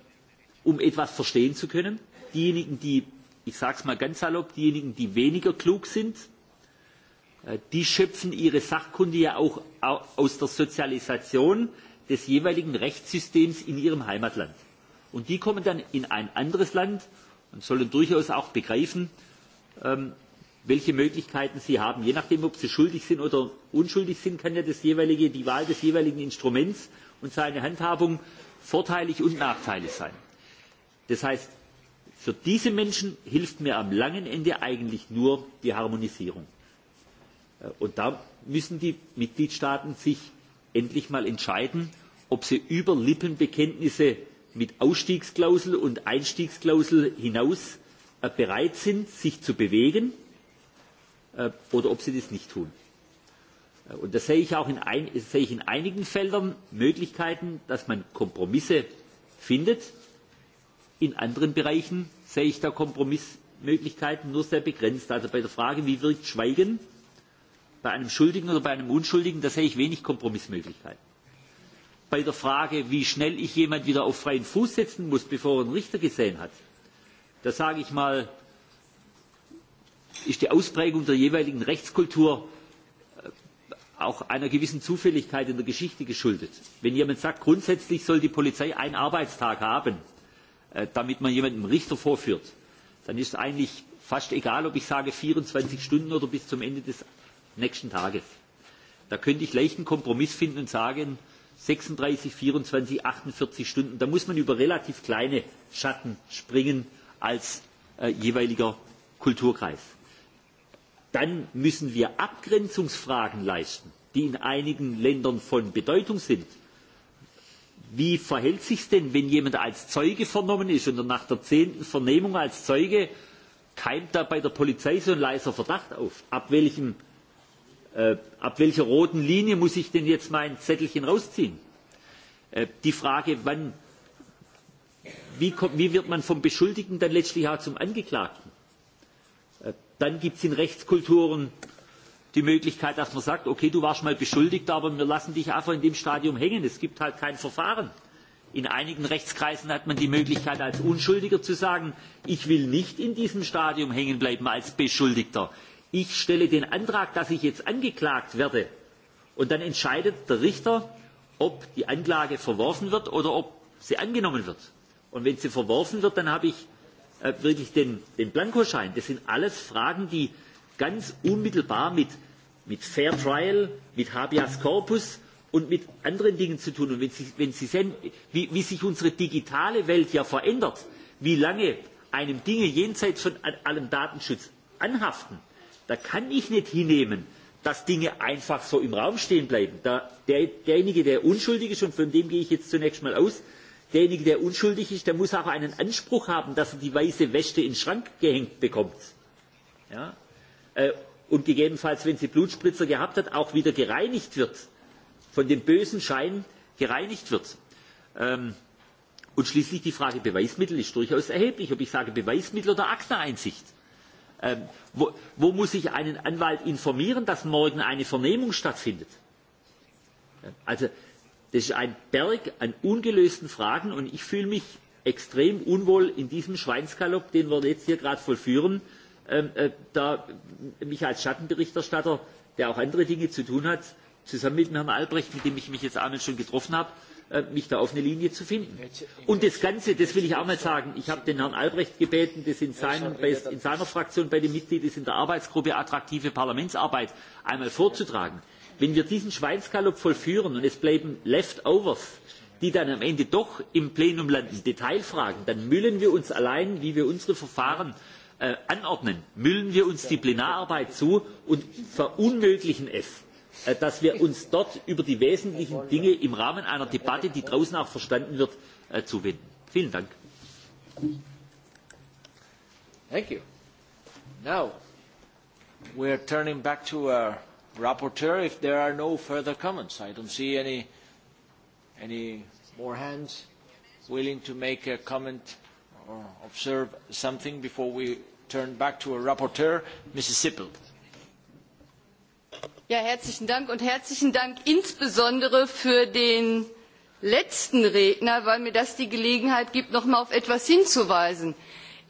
um etwas verstehen zu können. Diejenigen, die, ich sage es mal ganz salopp, diejenigen, die weniger klug sind, äh, die schöpfen ihre Sachkunde ja auch aus der Sozialisation des jeweiligen Rechtssystems in ihrem Heimatland. Und die kommen dann in ein anderes Land und sollen durchaus auch begreifen, ähm, welche Möglichkeiten sie haben. Je nachdem, ob sie schuldig sind oder unschuldig sind, kann ja das jeweilige, die Wahl des jeweiligen Instruments und seine Handhabung vorteilig und nachteilig sein. Das heißt, für diese Menschen hilft mir am langen Ende eigentlich nur die Harmonisierung. Äh, und da müssen die Mitgliedstaaten sich endlich mal entscheiden, ob sie über Lippenbekenntnisse mit Ausstiegsklausel und Einstiegsklausel hinaus äh, bereit sind, sich zu bewegen äh, oder ob sie das nicht tun. Äh, und das sehe ich auch in, ein, sehe ich in einigen Feldern Möglichkeiten, dass man Kompromisse findet. In anderen Bereichen sehe ich da Kompromissmöglichkeiten nur sehr begrenzt. Also bei der Frage, wie wirkt Schweigen bei einem Schuldigen oder bei einem Unschuldigen, da sehe ich wenig Kompromissmöglichkeiten bei der Frage, wie schnell ich jemand wieder auf freien Fuß setzen muss, bevor er einen Richter gesehen hat. Da sage ich mal, ist die Ausprägung der jeweiligen Rechtskultur äh, auch einer gewissen Zufälligkeit in der Geschichte geschuldet. Wenn jemand sagt, grundsätzlich soll die Polizei einen Arbeitstag haben, äh, damit man jemandem Richter vorführt, dann ist es eigentlich fast egal, ob ich sage 24 Stunden oder bis zum Ende des nächsten Tages. Da könnte ich leicht einen Kompromiss finden und sagen, äh, 36, 24, 48 Stunden. Da muss man über relativ kleine Schatten springen als äh, jeweiliger Kulturkreis. Dann müssen wir Abgrenzungsfragen leisten, die in einigen Ländern von Bedeutung sind. Wie verhält sich denn, wenn jemand als Zeuge vernommen ist und nach der zehnten Vernehmung als Zeuge keimt da bei der Polizei so ein leiser Verdacht auf? Ab welchem Äh, ab welcher roten Linie muss ich denn jetzt mein Zettelchen rausziehen? Äh, die Frage, wann, wie, kommt, wie wird man vom Beschuldigten dann letztlich auch zum Angeklagten? Äh, dann gibt es in Rechtskulturen die Möglichkeit, dass man sagt, okay, du warst mal beschuldigt, aber wir lassen dich einfach in dem Stadium hängen. Es gibt halt kein Verfahren. In einigen Rechtskreisen hat man die Möglichkeit, als Unschuldiger zu sagen, ich will nicht in diesem Stadium hängen bleiben als Beschuldigter ich stelle den Antrag, dass ich jetzt angeklagt werde. Und dann entscheidet der Richter, ob die Anklage verworfen wird oder ob sie angenommen wird. Und wenn sie verworfen wird, dann habe ich äh, wirklich den, den Blankoschein. Das sind alles Fragen, die ganz unmittelbar mit, mit Fair Trial, mit Habeas Corpus und mit anderen Dingen zu tun. Und wenn Sie, wenn Sie sehen, wie, wie sich unsere digitale Welt ja verändert, wie lange einem Dinge jenseits von allem Datenschutz anhaften, äh, Da kann ich nicht hinnehmen, dass Dinge einfach so im Raum stehen bleiben. Da der, derjenige, der unschuldig ist, und von dem gehe ich jetzt zunächst mal aus, derjenige, der unschuldig ist, der muss auch einen Anspruch haben, dass er die weiße Wäsche in den Schrank gehängt bekommt. Ja? Äh, und gegebenenfalls, wenn sie Blutspritzer gehabt hat, auch wieder gereinigt wird, von dem bösen Schein gereinigt wird. Ähm, und schließlich die Frage Beweismittel ist durchaus erheblich, ob ich sage Beweismittel oder Akteneinsicht. Ähm, wo, wo muss ich einen Anwalt informieren, dass morgen eine Vernehmung stattfindet? Ähm, also das ist ein Berg an ungelösten Fragen und ich fühle mich extrem unwohl in diesem Schweinsgalopp, den wir jetzt hier gerade vollführen, ähm, äh, da mich als Schattenberichterstatter, der auch andere Dinge zu tun hat, zusammen mit Herrn Albrecht, mit dem ich mich jetzt abends schon getroffen habe, Äh, mich da auf eine Linie zu finden. Und das Ganze, das will ich auch mal er sagen, ich habe den Herrn Albrecht gebeten, das in, er seinem, in seiner Fraktion bei den Mitgliedern in der Arbeitsgruppe attraktive Parlamentsarbeit einmal vorzutragen. Wenn wir diesen Schweinsgalopp vollführen und es bleiben Leftovers, die dann am Ende doch im Plenum landen, Detailfragen, dann müllen wir uns allein, wie wir unsere Verfahren äh, anordnen, müllen wir uns die Plenararbeit zu und verunmöglichen es Äh, dass wir uns dort über die wesentlichen Dinge im Rahmen einer Debatte, die draußen auch verstanden wird, äh, zuwenden. Vielen Dank. Thank you. Now we're turning back to our rapporteur. If there are no further comments, I don't see any any more hands willing to make a comment or observe something before we turn back to our rapporteur, Mrs. Sippel. Ja, herzlichen Dank und herzlichen Dank insbesondere für den letzten Redner, weil mir das die Gelegenheit gibt, noch mal auf etwas hinzuweisen.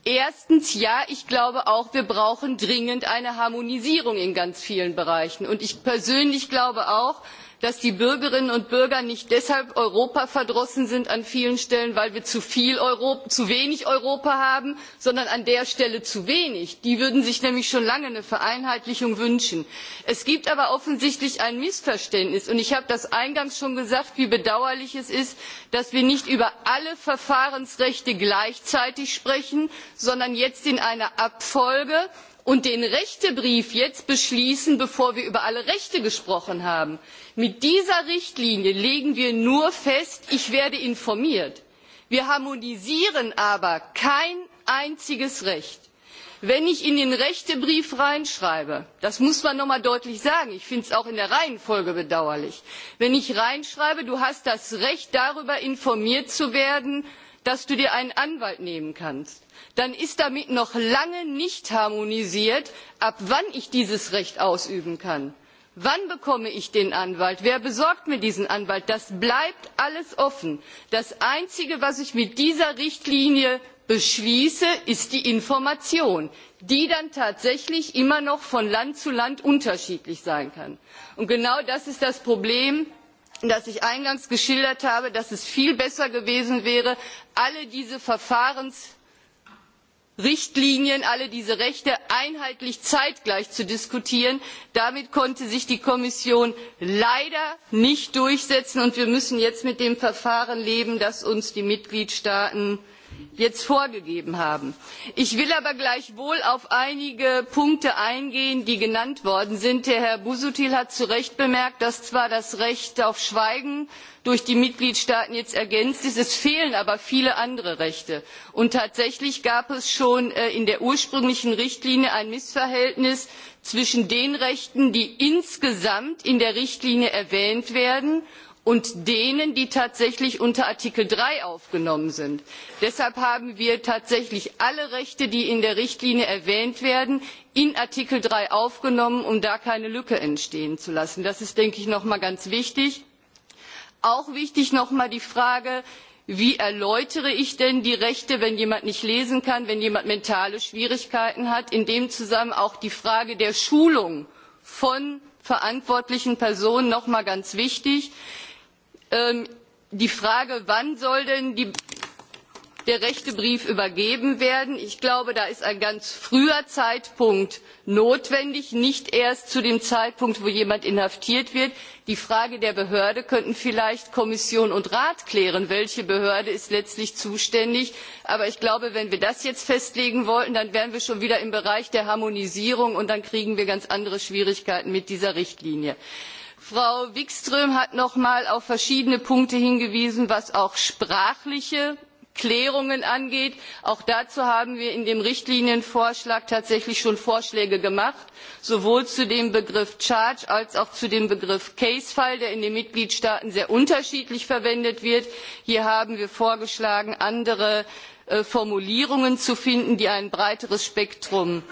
Erstens, ja, ich glaube auch, wir brauchen dringend eine Harmonisierung in ganz vielen Bereichen. Und ich persönlich glaube auch, dass die bürgerinnen und bürger nicht deshalb europaverdrossen sind an vielen stellen weil wir zu, europa, zu wenig europa haben sondern an der stelle zu wenig. die würden sich nämlich schon lange eine vereinheitlichung wünschen. es gibt aber offensichtlich ein missverständnis und ich habe das eingangs schon gesagt wie bedauerlich es ist dass wir nicht über alle verfahrensrechte gleichzeitig sprechen sondern jetzt in einer abfolge und den rechtebrief jetzt beschließen bevor wir über alle rechte gesprochen haben. mit dieser richtlinie legen wir nur fest ich werde informiert. wir harmonisieren aber kein einziges recht. wenn ich in den rechtebrief hineinschreibe das muss man noch einmal deutlich sagen ich finde es auch in der reihenfolge bedauerlich wenn ich hineinschreibe du hast das recht darüber informiert zu werden dass du dir einen anwalt nehmen kannst dann ist damit noch lange nicht harmonisiert ab wann ich dieses recht ausüben kann wann bekomme ich den anwalt wer besorgt mir diesen anwalt? das bleibt alles offen. das einzige was ich mit dieser richtlinie beschließe ist die information die dann tatsächlich immer noch von land zu land unterschiedlich sein kann. und genau das ist das problem dass ich eingangs geschildert habe dass es viel besser gewesen wäre alle diese verfahrensrichtlinien alle diese rechte einheitlich zeitgleich zu diskutieren. damit konnte sich die kommission leider nicht durchsetzen und wir müssen jetzt mit dem verfahren leben das uns die mitgliedstaaten jetzt vorgegeben haben. ich will aber gleichwohl auf einige punkte eingehen die genannt worden sind. herr busuttil hat zu recht bemerkt dass zwar das recht auf schweigen durch die mitgliedstaaten jetzt ergänzt ist es fehlen aber viele andere rechte. und tatsächlich gab es schon äh, in der ursprünglichen richtlinie ein missverhältnis zwischen den rechten die insgesamt in der richtlinie erwähnt werden und denen die tatsächlich unter artikel drei aufgenommen sind. deshalb haben wir tatsächlich alle rechte die in der richtlinie erwähnt werden in artikel drei aufgenommen um da keine lücke entstehen zu lassen. das ist noch einmal ganz wichtig. auch wichtig noch einmal die frage wie erläutere ich denn die rechte wenn jemand nicht lesen kann wenn jemand mentale schwierigkeiten hat? in dem zusammenhang auch die frage der schulung von verantwortlichen personen noch einmal ganz wichtig ähm, die frage wann soll denn die, der rechte brief übergeben werden ich glaube da ist ein ganz früher zeitpunkt notwendig nicht erst zu dem zeitpunkt wo jemand inhaftiert wird. die frage der behörde könnten vielleicht kommission und rat klären welche behörde ist letztlich zuständig? aber ich glaube wenn wir das jetzt festlegen wollten dann wären wir schon wieder im bereich der harmonisierung und dann kriegen wir ganz andere schwierigkeiten mit dieser richtlinie frau wikström hat noch einmal auf verschiedene punkte hingewiesen was auch sprachliche klärungen angeht. auch dazu haben wir in dem richtlinienvorschlag tatsächlich schon vorschläge gemacht sowohl zu dem begriff charge als auch zu dem begriff case file der in den mitgliedstaaten sehr unterschiedlich verwendet wird. hier haben wir vorgeschlagen andere äh, formulierungen zu finden die ein breiteres spektrum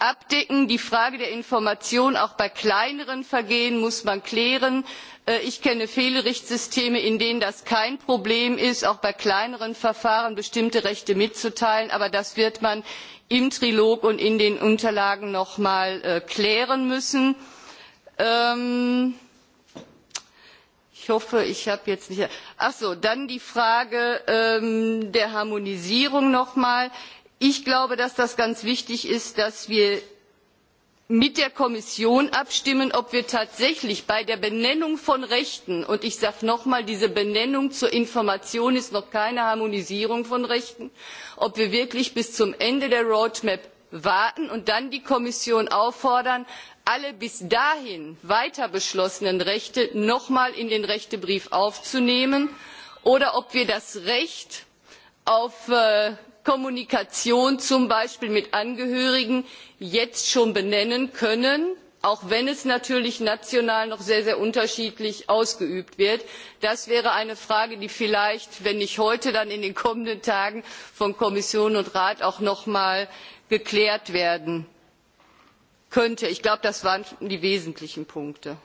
abdecken. die frage der information auch bei kleineren vergehen muss man klären. Äh, ich kenne fehlerichtsysteme in denen es kein problem ist auch bei kleineren verfahren bestimmte rechte mitzuteilen aber das wird man im trilog und in den unterlagen noch einmal äh, klären müssen. Ähm ich hoffe ich habe jetzt nicht. ach so dann die frage ähm, der harmonisierung noch einmal ich glaube dass es das ganz wichtig ist dass wir mit der kommission abstimmen ob wir tatsächlich bei der benennung von rechten und ich sage noch einmal diese benennung zur information ist noch keine harmonisierung von rechten wirklich bis zum ende der roadmap warten und dann die kommission auffordern alle bis dahin weiter beschlossenen rechte noch einmal in den rechtebrief aufzunehmen oder ob wir das recht auf äh, kommunikation zum beispiel mit angehörigen jetzt schon benennen können auch wenn es natürlich national noch sehr sehr unterschiedlich ausgeübt wird. das wäre eine frage die vielleicht wenn nicht heute dann in den kommenden tagen von kommission und rat auch noch einmal geklärt werden könnte. ich glaube das waren die wesentlichen punkte.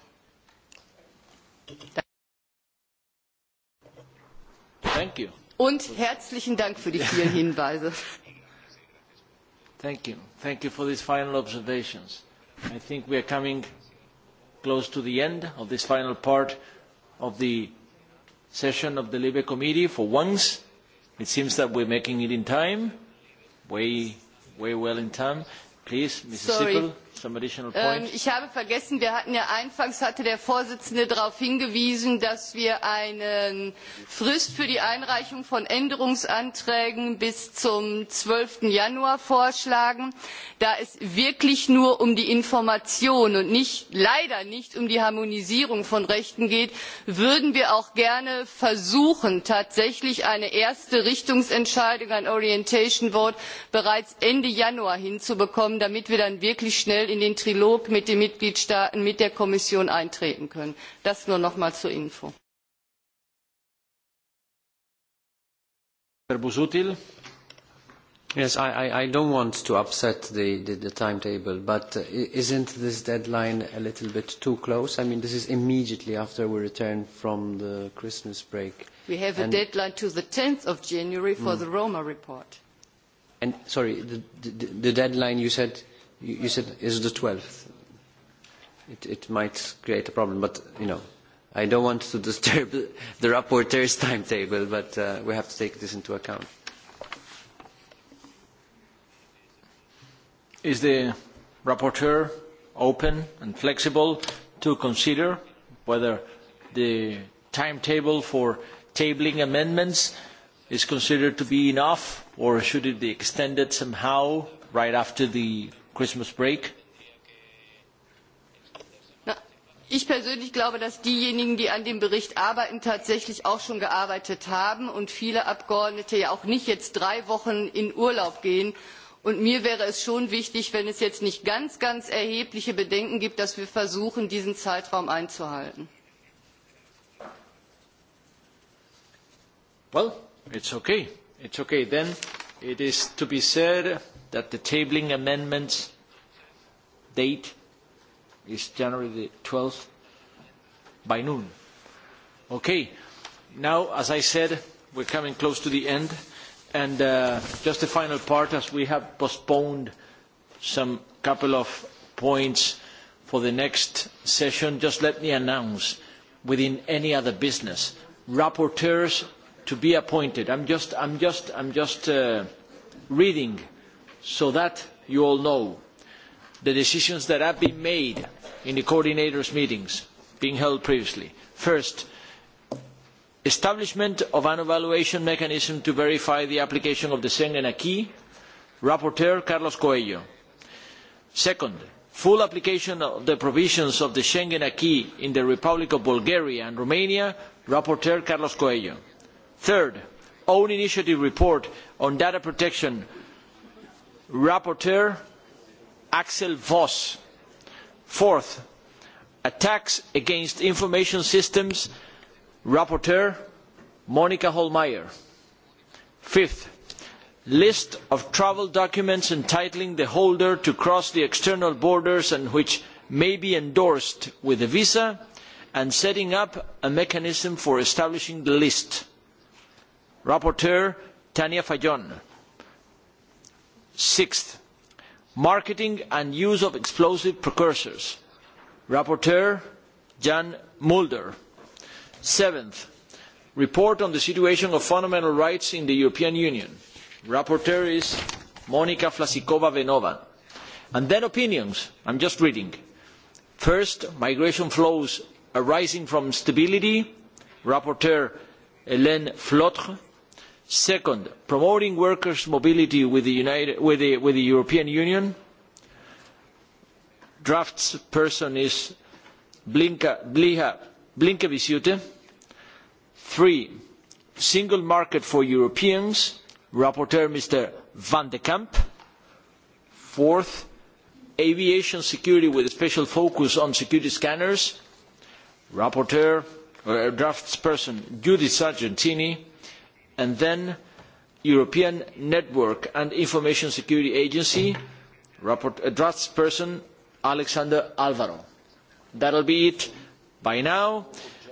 Thank you und herzlichen Dank für die vielen Hinweise. Thank you. Thank you for these final observations. I think we are coming close to the end of this final part of the session of the Libe Committee. For once, it seems that we're making it in time, way, way well in time. Please, Mrs. Sorry. Sippel Ähm, ich habe vergessen wir hatten ja anfangs hatte der vorsitzende darauf hingewiesen dass wir eine frist für die einreichung von änderungsanträgen bis zum. zwölf januar vorschlagen da es wirklich nur um die information und nicht, leider nicht um die harmonisierung von rechten geht würden wir auch gerne versuchen tatsächlich eine erste richtungsentscheidung ein orientation vote bereits ende januar hinzubekommen damit wir dann wirklich schnell schnell in den trilog mit den mitgliedstaaten mit der kommission eintreten können. das nur noch mal zur info. Yes, I, I, I don't want to upset the, the, the timetable, but uh, isn't this deadline a little bit too close? I mean, this is immediately after we return from the Christmas break. We have and a deadline to the 10th of January for mm. the Roma report. And sorry, the, the, the deadline you said you, you said is the 12th. It, it might create a problem, but you know, I don't want to disturb the rapporteur's timetable, but uh, we have to take this into account. Is the rapporteur open and flexible to consider whether the timetable for tabling amendments is considered to be enough or should it be extended somehow right after the Christmas break? Na, ich persönlich glaube, dass diejenigen, die an dem Bericht arbeiten, tatsächlich auch schon gearbeitet haben und viele Abgeordnete ja auch nicht jetzt drei Wochen in Urlaub gehen. Und mir wäre es schon wichtig, wenn es jetzt nicht ganz, ganz erhebliche Bedenken gibt, dass wir versuchen, diesen Zeitraum einzuhalten. Well, it's okay. It's okay. Then it is to be said that the tabling amendments date is January the 12th by noon. Okay. Now, as I said, we're coming close to the end. And uh, just the final part, as we have postponed some couple of points for the next session, just let me announce within any other business, rapporteurs to be appointed. I'm just, I'm just, I'm just uh, reading so that you all know the decisions that have been made in the coordinators' meetings being held previously. First, establishment of an evaluation mechanism to verify the application of the Schengen acquis, rapporteur Carlos Coelho. Second, full application of the provisions of the Schengen acquis in the Republic of Bulgaria and Romania, rapporteur Carlos Coelho. Third, own initiative report on data protection rapporteur axel voss. fourth attacks against information systems rapporteur monika hohlmeier. fifth list of travel documents entitling the holder to cross the external borders and which may be endorsed with a visa and setting up a mechanism for establishing the list. rapporteur tanja fajon sixth marketing and use of explosive precursors rapporteur jan mulder seventh report on the situation of fundamental rights in the european union rapporteur is monika flasikova benova and then opinions i'm just reading first migration flows arising from stability rapporteur helene flotre second promoting workers' mobility with the, United, with the, with the european union draftsperson is blinkeviit three single market for europeans rapporteur mr van de camp fourth aviation security with a special focus on security scanners rapporteur or uh, draftsperson judith sargentini and then European Network and Information Security Agency, rapport, uh, draftsperson Alexander Alvaro. That'll be it by now.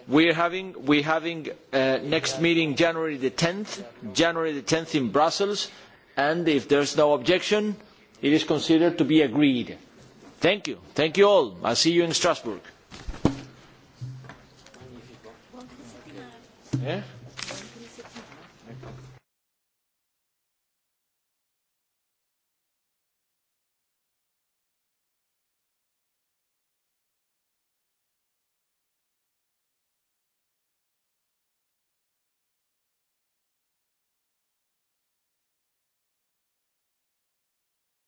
We're having, we're having uh, next meeting January the 10th, January the 10th in Brussels, and if there's no objection, it is considered to be agreed. Thank you. Thank you all. I'll see you in Strasbourg. Yeah?